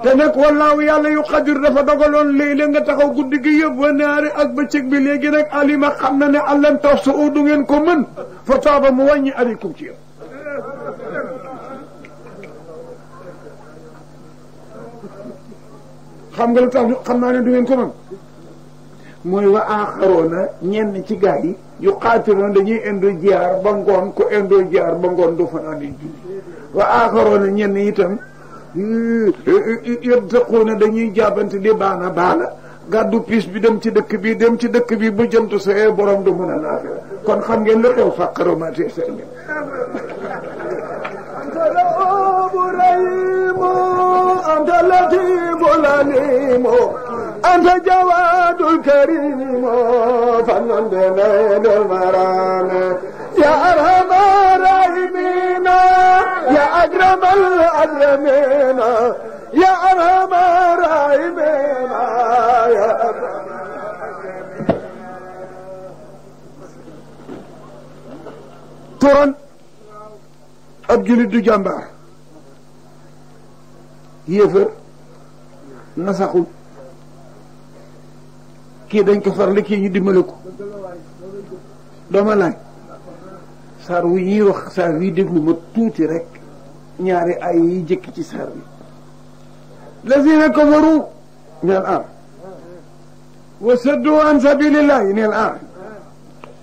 te nag wallaahu yàlla yu xadir dafa dogaloon léeg-léeg nga taxaw guddi gi wa naari ak bëccëg bi léegi nag alima xam na ne allan tax sa u du ngeen ko man fa taaba mu wàññi aleykum ci yéen xam nga lu tax xam naa ne du ngeen ko mën mooy wa aaxaroona ñenn ci gaa yi yu xaatiroon dañuy indo jaar ba ngoon ku indo jaar ba ngoon du fa yi julli wa aaxaroona ñenn itam yëttaquuna dañuy jàppante di baana baala gàddu piis bi dem ci dëkk bi dem ci dëkk bi bu sa soyee eh, borom du mën a kon xam ngeen lu xew fàqaru ma te seen أنت لطيف الأليم أنت جواد الكريم فنن بنيل المرام يا أرهب الراحمين يا أكرم الأكرمين يا أرهب الراحمين يا أرحم turan ab julit du jàmbaar kii dañ ko farle kii ñu dimbale ko dooma laaj saar wu yi wax saar wii déglu ma tuuti rek ñaari ay yi jëkk ci saar bi lazina kafaru neel an wa saddu an sabilillahi neel an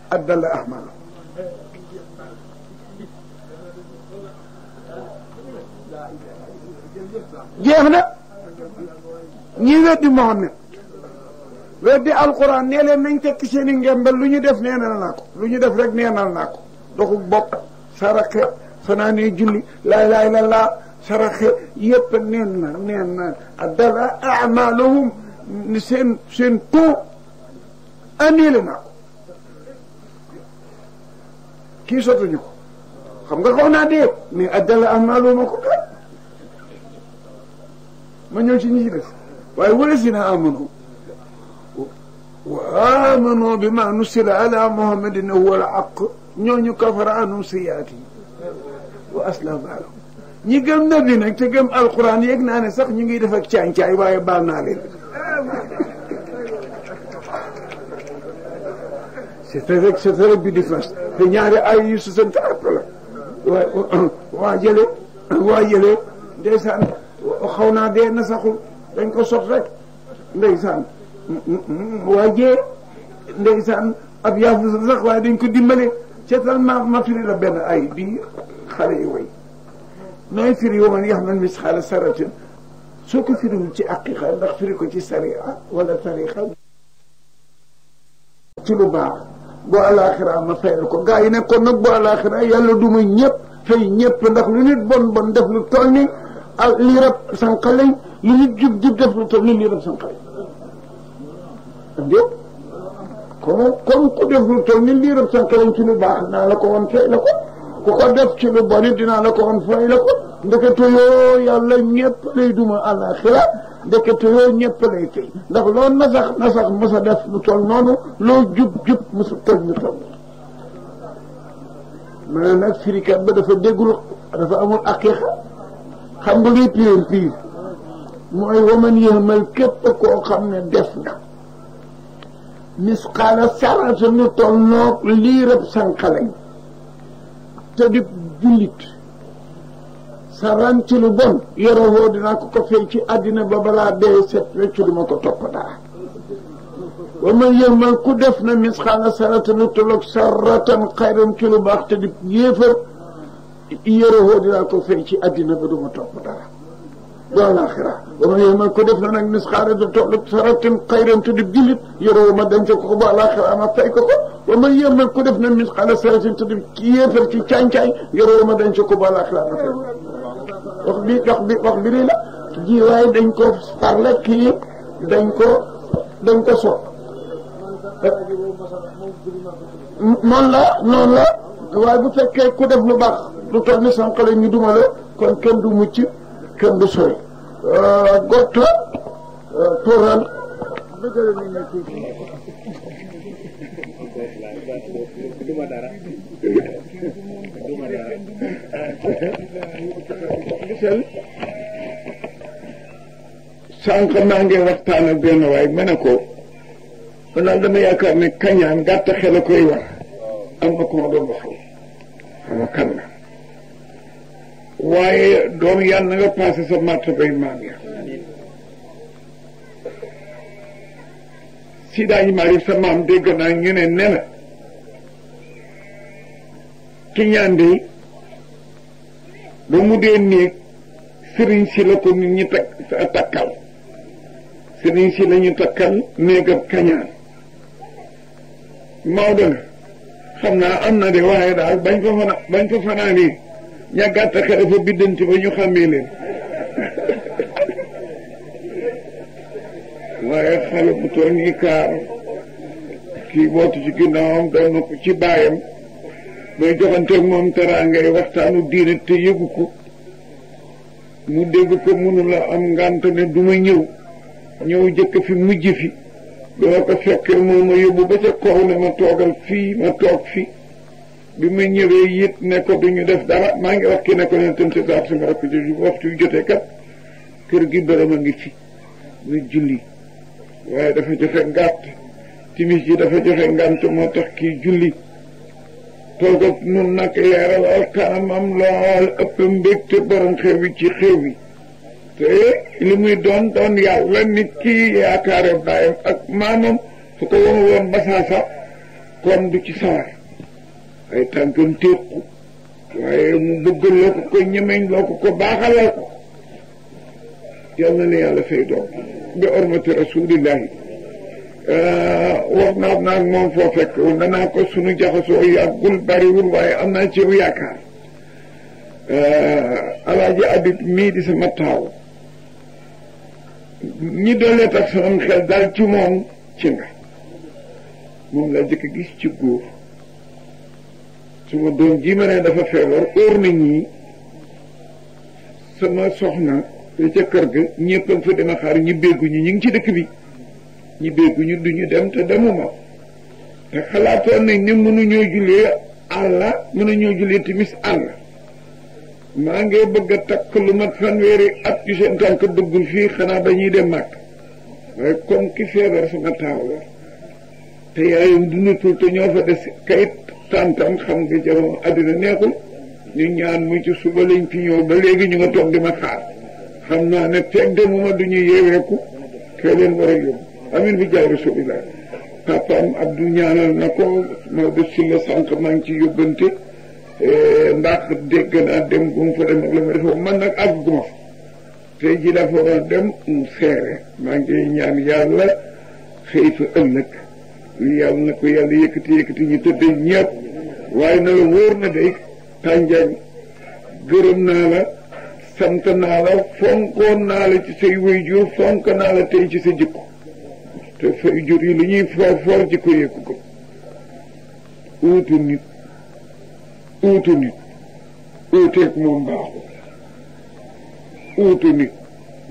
addala ahmalo jeex na ñi weddi Muhammad weddi alquran nee leen nañ tekki seen i ngembel lu ñu def neenal la ko lu ñu def rek neenal naa ko doxu bopp saraxe fanaanee julli laa ilaaha illallaah saraxe yëpp neen na neen na addala amaaluhum seen seen tout annulé naa ko kii sotuñu ko xam nga xaw naa dee mais addala amaaluhum ma ñëw ci ñi waaye wala si naa amanu وآمنوا بما نزل على محمد هو الحق ñooñu kafara anum siyaati wa aslama lahum ñi gëm na bi nag te gëm alquran yëg naa ne sax ñu ngi def ak caañ-caay waaye baal naa leen c'était bi différence te ñaari ay yu susante àpp la waa waa jële waa jële ndeysaan xaw naa dee na dañ ko sot واجي ليسان اب ياف سخ واي دنج كو ما ما فيري اي بي خالي وي ناي فيري يوم يحمل مش خاله سرت سوكو فيري تي حقيقه لا فيري كو ولا تاريخه تي لو با بو الاخره ما فير كو غاي نيكو نك بو الاخره في نيب ناخ لو نيت بون بون داف لو تولني déet kon kon ku def lu toll ni liiram sànqalañ ci lu baax dinaa la ko woon fay la ko ku ko def ci lu bon dinaa la ko woon fay la ko ndekete yoo yàlla ñëpp lay duma àllaaxira ndekete yoo ñëpp lay tey ndax loolu na sax na sax mos a def lu toll noonu loo jub jub mos a tëj lu toll. ma ne nag sirikat ba dafa déggul dafa amul aqiqa xam nga luy pire pire mooy waman yëmal képp koo xam ne def na. misqaala sarata nu toll noog lii rëb sànqalañ te di jullit sa ran ci bon yorowoo dinaa ko ko fay ci àddina ba balaa dee set weccu duma ko topp dara wa man yëmal ku def na misqaala sarata nu tolloog saratan xayram ci lu baax te di yéefar yorowoo dinaa ko fay ci àddina ba duma topp dara lool a wa man yéemal ko def na nag misxaara du to saratin xayran tuddib jullit yoroo ma denc ko ko ba alaxira ma fay ko ko wa man yéemal ko def na misxaara saratin tuddib ki yéefar ci càncaay yoroo ma denc ko ba alaxira ma fay wax bi wax bi wax bi la ji waaye dañ ko parle kii dañ ko dañ ko so noonu la noonu la waaye bu fekkee ku def lu baax lu toll ni sànq la ñu duma la kon kenn kenn du sori euh, gorta euh, tooral sànq maa ngi waxtaan ak benn waay ma ne ko maanaam dama ne kañaan gàtt xel a koy wax am na ma doon waxal xam nga kan waaye doom yàlla na nga passé sa martabay maam ya si daañu maarif sa maam dégg naa ñu ne ne na ki ba mu dee néeg sëriñ si la ko nit ñi takk takkal sëriñ si la ñu takkal néegam kañaan Maodo nga xam naa am na de waaye daal bañ ko fana bañ ko fanaanee ñàkkaat a xel fa biddanti ba ñu xàmmee leen waaye xale bu toll nii kaar kii bootu ci ginnaawam doon na ci baayam bay joxanteeg moom teraangay waxtaanu diine te yëgu ko mu dégg ko mënu la am ngànt ne du ñëw ñëw jëkk fi mujj fi dama ko fekkee moom ma yóbbu ba ca kaw ne ma toogal fii ma toog fii bi mu ñëwee yit ne ko du def dara maa ngi wax kii ne ko leen tam si saab sama rakk ji waxtu kat kër gi dërëm a ngi ci muy julli waaye dafa joxe ngàtt timis ji dafa joxe ngànt moo tax kii julli toog ak nun nag leeral al kanamam lool ëpp mbégte borom xew yi ci xew yi te li muy doon doon yàlla nit ki yaakaare baayam ak maamam su ko woon woon kon du ci sawar ay tànkam téeku waaye mu bëgg loo ko ko ñemeñ loo ko ko yal ne yàlla fay doom bi ormati rasulillahi ah, wax naa naa moom foo fekk danaa ko sunu jaxasoo yàggul bariwul waaye am naa ci yow yaakaar ah, alaaji abib mii di sama ñi doolee tax sama xel daal ci moom ci nga moom laa jëkk gis ci góor suma doom ji ma ne dafa feebar óor na ñii sama soxna te ca kër gi ñëppam fa dama xaar ñi bégguñu ñu ngi ci dëkk bi ñi bégguñu duñu dem te demuma te xalaatoon nañ ne mënuñoo jullee àlla mënuñoo jullee timis àlla maa ngi bëgg takk lu mat fanweeri at yu seen tànk duggul fii xanaa dañuy dem màkk waaye comme ki feebar sama taaw la te yaayam dundatul te ñoo fa des kayit santam xam nga ca àddina neexul ñu ñaan mu ci suba lañ fi ñëw ba léegi ñu nga toog di ma xaar xam naa ne teg demuma du ñu yeeweeku ke leen war a yóbbu amin bi jaay rasulillah papaam ñaan ñaanal na ko Maodo Sylla sànq maa ngi ci yóbbante eh, ndax dégg dem bu fa dem ma defoon man nag ak guma fa tey ji fa war dem mu seere maa ngi ñaan yàlla xëy fa ëllëg yàlla na ko yàlla yëkkati yëkkati ñu tëddee ñëpp waaye na la wóor na day tànjaañ gërëm naa la sant naa la fonkoon naa la ci say waajur fonk naa la tey ci sa jikko te say jur yi lu ñuy foor foor jikko yëkku ko uutu nit uutu nit uuteeg moom baaxul uutu nit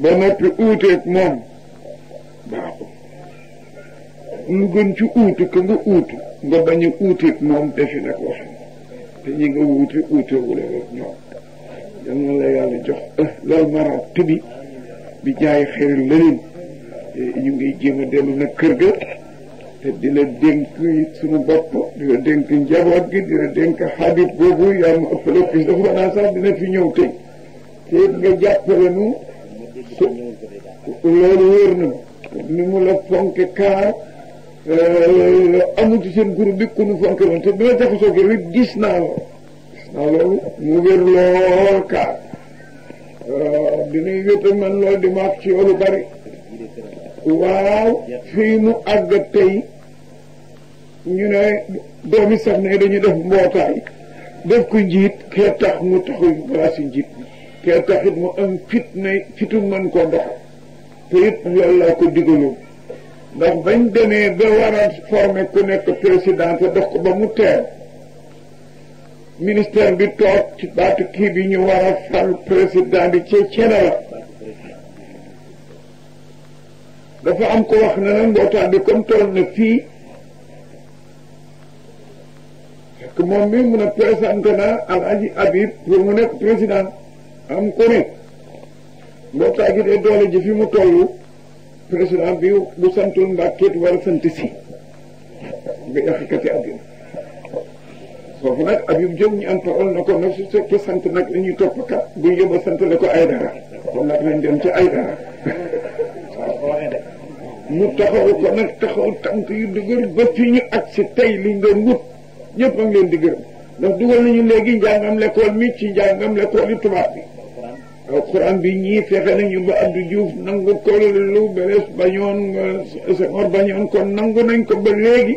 ba noppi uuteeg moom lu gën ci uutu que nga uutu nga bañ a uuteeg moom defi nag waxam te ñi nga wuute uuteewule rek ñoom yal la yàlla jox eh, loolu mara tëbi bi jaay xel leneen ñu ngi jéem a dellu nag kër ga te di la dénk suñu bopp di la dénk njaboot gi di la dénk xaabit boobu yaa ma ëppale pis dafa fanaa sax dina fi ñëw tey te it nga jàppale nu loolu wóor na ni mu la fonke kaar Euh, amu ci seen groupe bi ku nu fonk woon te bi ma jaxasoo kii rek gis naa loolu gis naa loolu mu wér lool kaar dinañ euh, wéet ak man loolu di ma ci yow lu bari waaw fii mu àgg tey ñu ne doomi sax ne def mbootaay def ko njiit kee tax mu taxu place njiit kee tax mu am fit ne fitu mën ko dox te it laa ko digaloon ndax bañ demee ba war a formé ku nekk président te dox ko ba mu teew ministère bi toog ci baatu kii bi ñu war a fal président bi ci cene dafa am ko wax ne nag mbootaay bi comme toll na fii fekk moom mi mun a présenté na Alhaji Habib pour mu nekk président am ku ne mbootaay gi de doole ji fi mu tollu président bi bu santul mbàkkeet war a sant si nga yàqkati àddina foofu nag Habib Diop ñu am parole na ko na su fekkee sant nag la ñuy topp kat bu yóbba sant la ko ay dara kon nag lañ dem ci ay dara mu taxaw ko nag taxaw tànk yu dëgër ba fi ñu ak si tey liñ doon wut ñëpp a ngi leen di gërëm ndax dugal nañu léegi njàngam lekkool mi ci njàngam lekkool yi tubaab bi quran bi ñii fexe nañu ba Abdou Diouf nangu ko lu bees bañoon Senghor bañoon kon nangu nañ ko ba léegi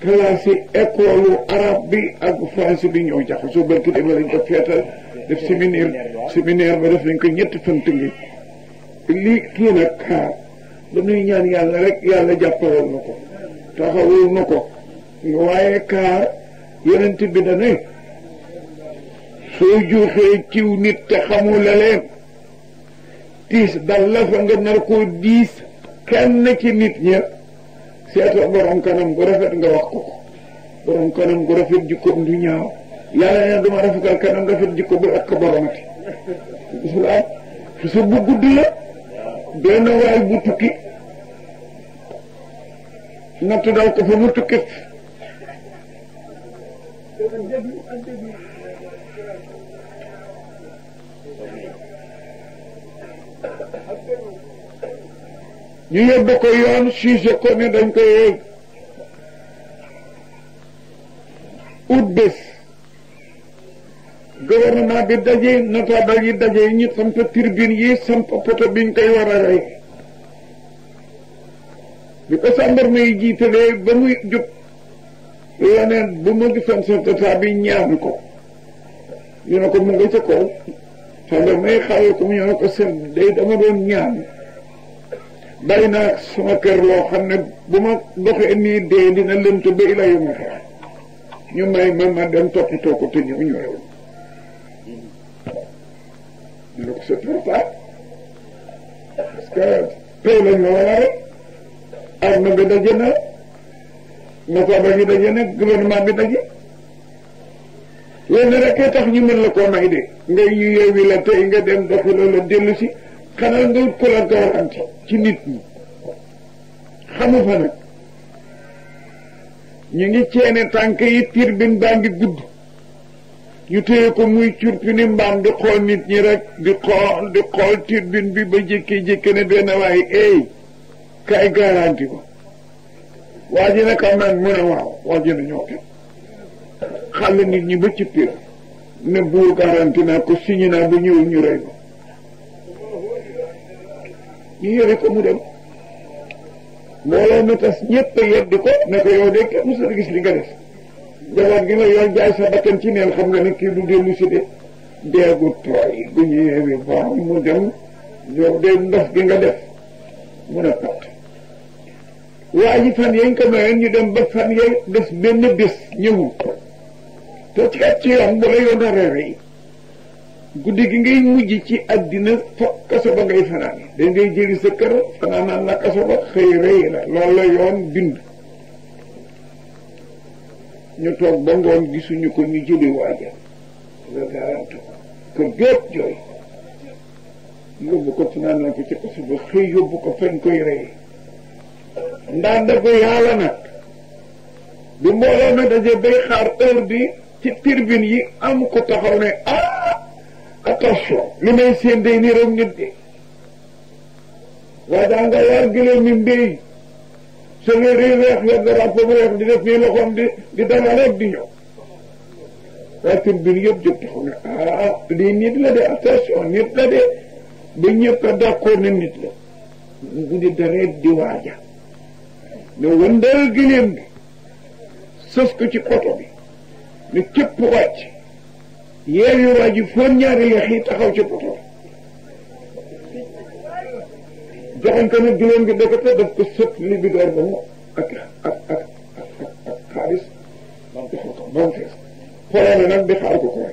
classe école arabe bi ak français bi ñoo jaxasoo barki dem lañ ko feetal def séminaire séminaire ba def nañ ko ñetti fan tëngi lii kii nag xaar dañuy ñaan yàlla rek yàlla jàppaloon na ko taxawul na ko waaye kaar yonent bi da ne soo jooxee ciw nit te xamul leen tiis dal la fa nga nar koo diis kenn ci nit ña seetal borom kanam gu rafet nga wax ko borom kanam gu rafet jikkoom du ñaaw yàlla ne duma rafetal kanam rafet jikko bu ak boromati islam su bu gudd la benn waay bu tukki natt dal ko fa mu tukkit ñu yóbbu ko yoon suuse ko ne dañ ko yeey ut bés gouvernement bi daje notable yi daje ñu samp turbine yi samp poto biñ koy war a rey bi ko sàndarma yi jiitalee ba muy jub leneen bu ma gisoon chef d'état bi ñaan ko ñu ne ko mu nga ca kaw sàndarma yi xaaral ko mu ñëw ne ko seen day dama doon ñaan bari na suma kër loo xam ne bu ma doxee nii dee dina lënt ba ila yu ma xeex ñu may ma ma dem toppatoo ko te ñëw ñëw ñu ne ko c'est trop tard parce que pay lañ la walaare arme nga daje na ba bi daje na gouvernement bi daje loolu rek tax ñu mën la koo may de ngay ñu yeewi la tey nga dem doxi loola dellu si xanaa ngay kol a doorante ci nit ñi xamu fa nag ñu ngi ceene tànk yi tiir bi baa ngi gudd ñu téye ko muy curpi ni mbaam di xool nit ñi rek di xool di xool turbin bi ba jékki-jékki ne benn waaye eey kay garanti ko waa ji naka man mu ne waaw waa na ñoo te xàll nit ñi ba ci ne buur garanti naa ko signé naa ba ñëwul ñu rey ko ñu yore ko mu dem mbooloo mi tas ñëpp a yeddi ko ne ko yow de kenn mos a li nga def njaboot gi nga yor jaay sa bakkan ci neen xam nga ne kii du dellu si de deegu tooy bu ñu yeewi ba mu dem yow de ndox gi nga def mun a pat waa ji fan yañ ko mayoon ñu dem ba fan ya des benn bés ñëwul te ci ci yoon bu la yoon a reere yi guddi gi ngay mujj ci àddina fa kaso ba ngay fanaan dañ ngay jëli sa kër fanaanaan la kaso ba xëy rëy la loolu la yoon bind ñu toog ba ngoon gisuñu ko ñu jëli waaja nga ko bépp jooy yóbbu ko fanaanaan ko ci kaso ba xëy yóbbu ko fañ koy rëy ndax dafa yàlla nag bi mbooloo mi daje bay xaar heure bi ci tribune yi am ko taxaw ne ah attention li may seen day ni rek nit de waaye daa nga yaar gëléem mi mbéy sa léegi reex nga garab ko reex di def nii loxoom di di dana di ñëw waaye bi yëpp jóg taxaw ne ah lii nit la de attention nit la de ba ñëpp a d'accord ne nit la mu ngi di dareet di waaja ne wëndal gëléem bi sës ko ci poto bi ne képp wàcc يي راجي فنيار يخي تخاو سي بوتو جخن كان جلوم بي دكتا داك كو سوت لي بي دور بون اك اك خالص مان تخو خولانا نك بي خار كو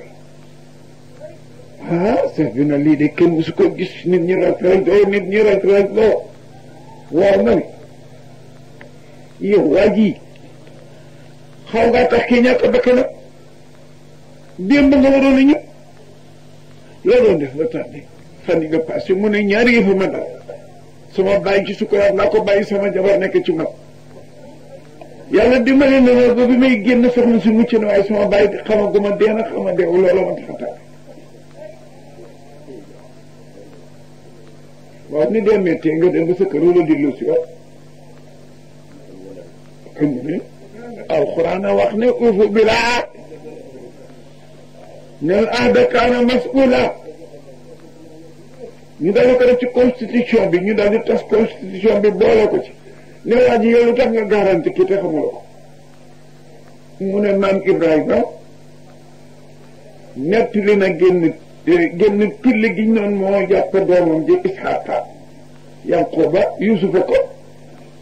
ها سيفنا لي دي كين بوسكو غيس نيت ني راكران دو نيت ني راكران دو وامن يي راجي خاوغا تخكي نياكو بكلو démb nga waroon a ñëw loo doon def nga tardé fan nga passé mu ne ñaari yëfu ma dal sama bàyyi ci sukuraat naa ko bàyyi sama jabar nekk ci mag yàlla dimbali na ma ba bi may génn soxna si mucc na sama bàyyi xamaguma dee na xama deew loolu ma tax a tardé waaw ni dee méttee nga dem ba sa kër wala dillu si wax xam ne wax ne ufu bilaa neen aada kaana mas'uula ñu daal di constitution bi ñu daal di tas constitution bi boole ko ci ne waa ji tax nga garanti kii te xamuloo ko mu ne maam Ibrahima nettali na génn génn tulli gi noonu moo jàpp doomam ji Isxaaqa Yanquba Yusufa ko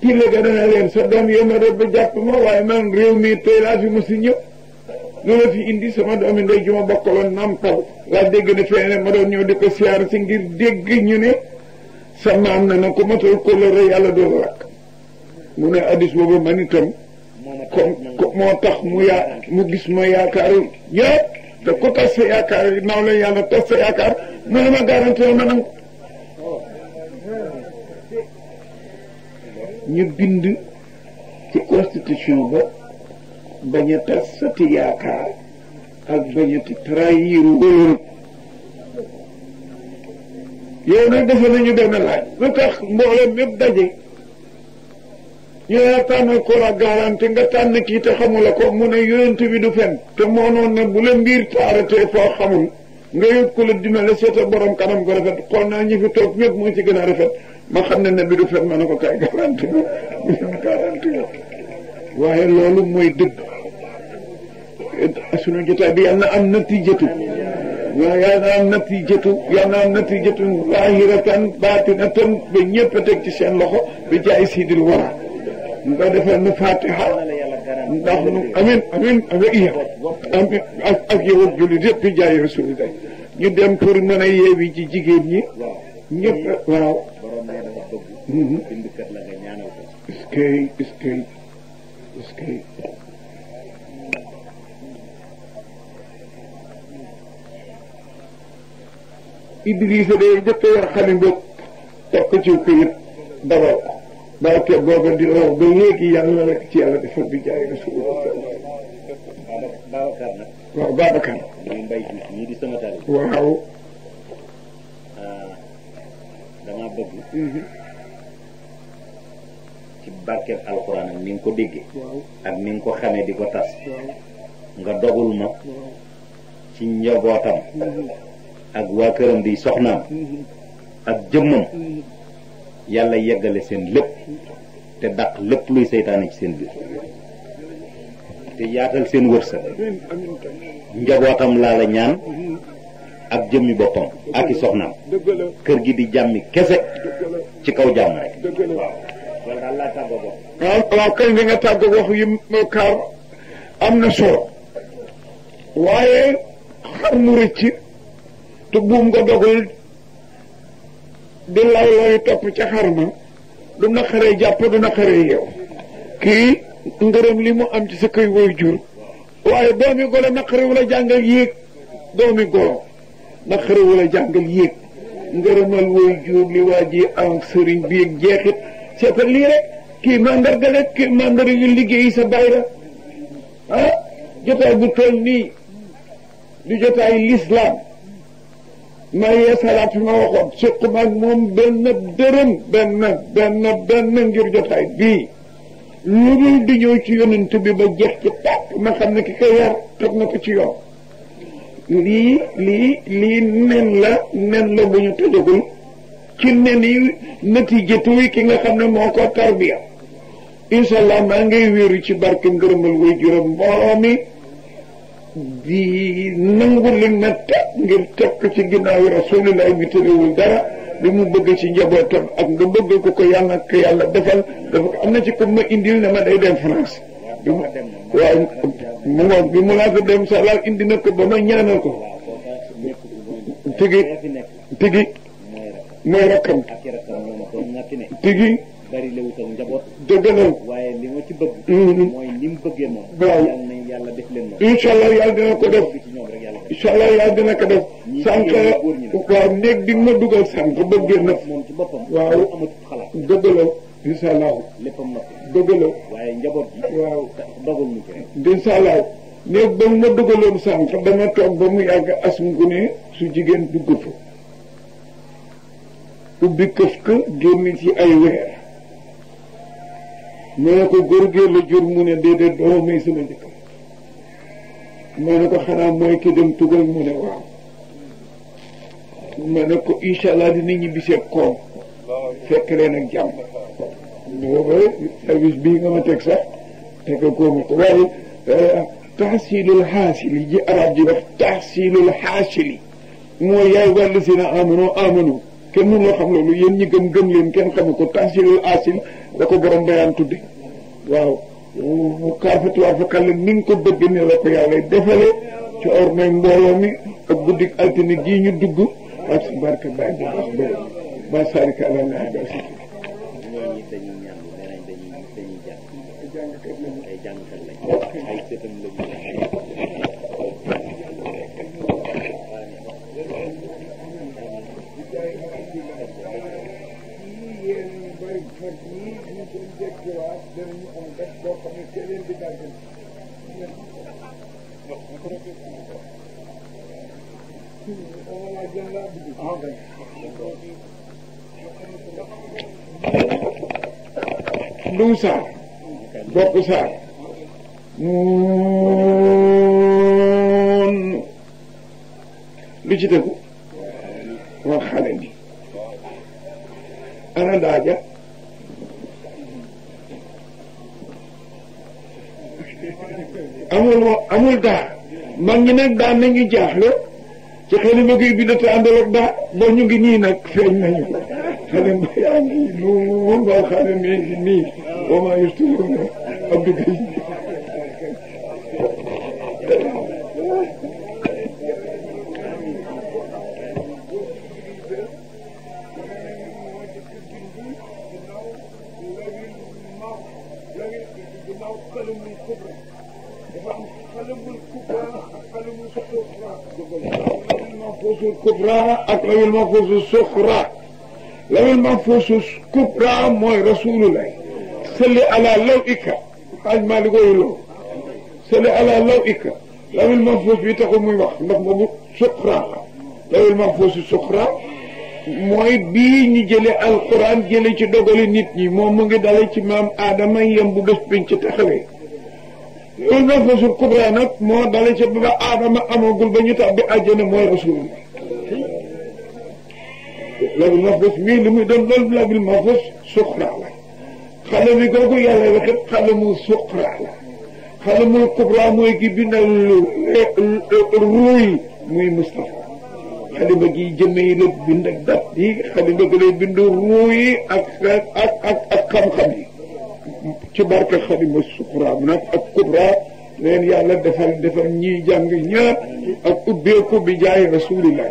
tulli ga dana leen sa doom yow ma rëbb jàpp ma waaye man réew mi tey laa fi mu si ñëw loola fi indi sama doomi ndey ju ma bokkaloon nàmpal laa dégg ne feneen ma doon ñëw di ko siyaar si ngir dégg ñu ne sa maam na na ko matal kóllëre yàlla doo rakk mu ne addis boobu man itam ko moo tax mu yaa mu gis ma yaakaar yëpp te ko tas sa yaakaar yi naaw la yàlla tas sa yaakaar mu ne ma garanti ma nangu ñu bind ci constitution ba bañ a tas sati yaakaar ak bañ a trahir wóor yow nag defe nañu benn laaj lu tax mboolem daje ko la garanti nga tànn kii te xamula ko mu ne yonent bi du fen te moo noon ne bu la mbir taaratee foo xamul nga yóbbu ko la dina la seeta borom kanam ko rafet naa ñi fi toog ci gën a rafet ma xam ne ne bi du fen ma ne ko garanti ko garanti ko waaye loolu mooy dëgg sunu jotaay bi yal na am natiijatu yal na am natiijatu yal na am natiijatu zaahiratan baatinatan a teg ci seen loxo ba jaay siidil wara nga defal nu fatiha ndax nu amin amin nga iya amin ak ak yow ak jullit yëpp bi jaay rasulillah ñu dem pour mën a yeewi ci jigéen ñi ñëpp waaw mhm. est-ce que est-ce Idrissa day njëkk a yor xali bopp ko ci këyit dabal ko barke di ah, mhm. nga ko déggee di dogul ma ci njabootam mhm. ak waa këram di soxnaam ak jëmmam yàlla yeggale seen lépp te dàq lépp luy seytaane ci seen biir te yaatal seen wërsëg njabootam laa la ñaan ak jëmmi boppam ak i soxnaam kër gi di jàmmi kese ci kaw jàmm rek waaw waaw kay li nga tàgg wax yi kaar am na solo waaye xar mu rëcc te buum nga dogul di lay lay topp ca xar ma du naqaree jàpp du naqaree yow kii ngërëm li mu am ci sa koy woy jur waaye doomi golo naqarewul a jàngal yéeg doomi golo naqarewul a jur li waa ji am sëriñ bi jeexit seetal lii rek kii mandarga rek kii mandara yu liggéey sa bay la ah jotaay bu toll nii du jotaay lislaam ma yeesalaat fi ma waxoon suquma ak moom benn dërëm benn benn benn ngir jotaay bii lu dul di ci yonent bi ba jeex ci tàkk ma xam ne ki ko yar teg na ko ci yoon lii lii lii nen la nen la bu ñu tëjagul ci nen yi natiijatu ki nga xam ne moo ko tarbiya incha maa ngay wéeru ci barke ngërëmal way juróom mboomi bi nangu na natt ngir topp ci ginnaaw rasulillah bi tëriwul dara li mu bëgg ci njabootam ak nga bëgg ko ko yàlla ko yàlla defal am na ci comme ma indil ne ma day dem France. bi ma waaw mu ngoog bi mu laata dem sax laal indi na ko ba ma ñaanal ko. tigi tigi mooy rakkam tigi. dëgg la waaye li ci mm-hmm. mooy ni mu bëggee yal yàlla def leen moom. incha allah yàlla dina ko def. incha allah yàlla dina ko def. sànq waaw néeg bi ma dugal sànq bëggee na. moom ci boppam. waaw amatul xalaat. dëgg la incha allah. waaye njaboot bi. waaw dogul ñu ko rek. incha ba mu dugaloon sànq dama toog ba mu yàgg asum gu ne su jigéen dugg fa. ubbi këf ka génn ci ay weer. mu ne ko góor gi la jur mu ne déedéet doo may sama jëkkër ma ne ko xanaa mooy ki dem tugal mu ne waaw ma ne ko incha allah dina ñibbisee koom fekk ak jàmm booba service bii nga ma teg sax teg ko koomu waaye eh, tahsilul haasili ji arab ji wax tahsilul haasili mooy yaay wàllu si na amano amano kenn mënuloo xam loolu yéen ñi gëm gëm leen kenn xamu ko tahsilul haasili da ko borom bayaan tudde waaw mu kaafatuwaar fa kàll ni ko bëgg ni la ko yàlla defale ci ornay mbooloo mi ak guddik altine gii ñu dugg ak si barke baay bi baax boobu si ñooñu Lusa, Bokusa, Nun, Lucu xam Wah, téeméer bi aja amul wo amul daa mag ñi nag daa nañu jaaxle ci xalima koy bind te àndal ak daa boo ñu ngi nii nag feeñ nañu xalima yaa ngi lu woon waa xale mi nii wa maa yusturuuna abdu mahfusul kubra ak lawil mahfusul suxra lawil mahfusul kubra mooy rasulullah salli ala law ikka xaaj maa li koy ala law ikka lawil mahfus bi taxul muy wax ndax boobu suxra la lawil mahfusul suxra mooy bii ñu jële alquran jële ci dogali nit ñi moom mu ngi dale ci maam aadama yem bu bés biñ ci taxawee loolu mahfusul kubra nag moo la bu ma fos wii li muy doon loolu la bu ma fos suqra la xale bi kooku yàlla waxit xale mu suqra la xale muy kubra mooy ki bindal ruuy muy Moustapha xalima gi jëmme yi la bind ak dat yi xalima gi lay bind ruuy ak ak ak ak xam-xam yi ci barke xalima suqra nag ak kubra leen yàlla defal defal ñiy jàng ñaar ak ubbeeku bi jaay rasulillah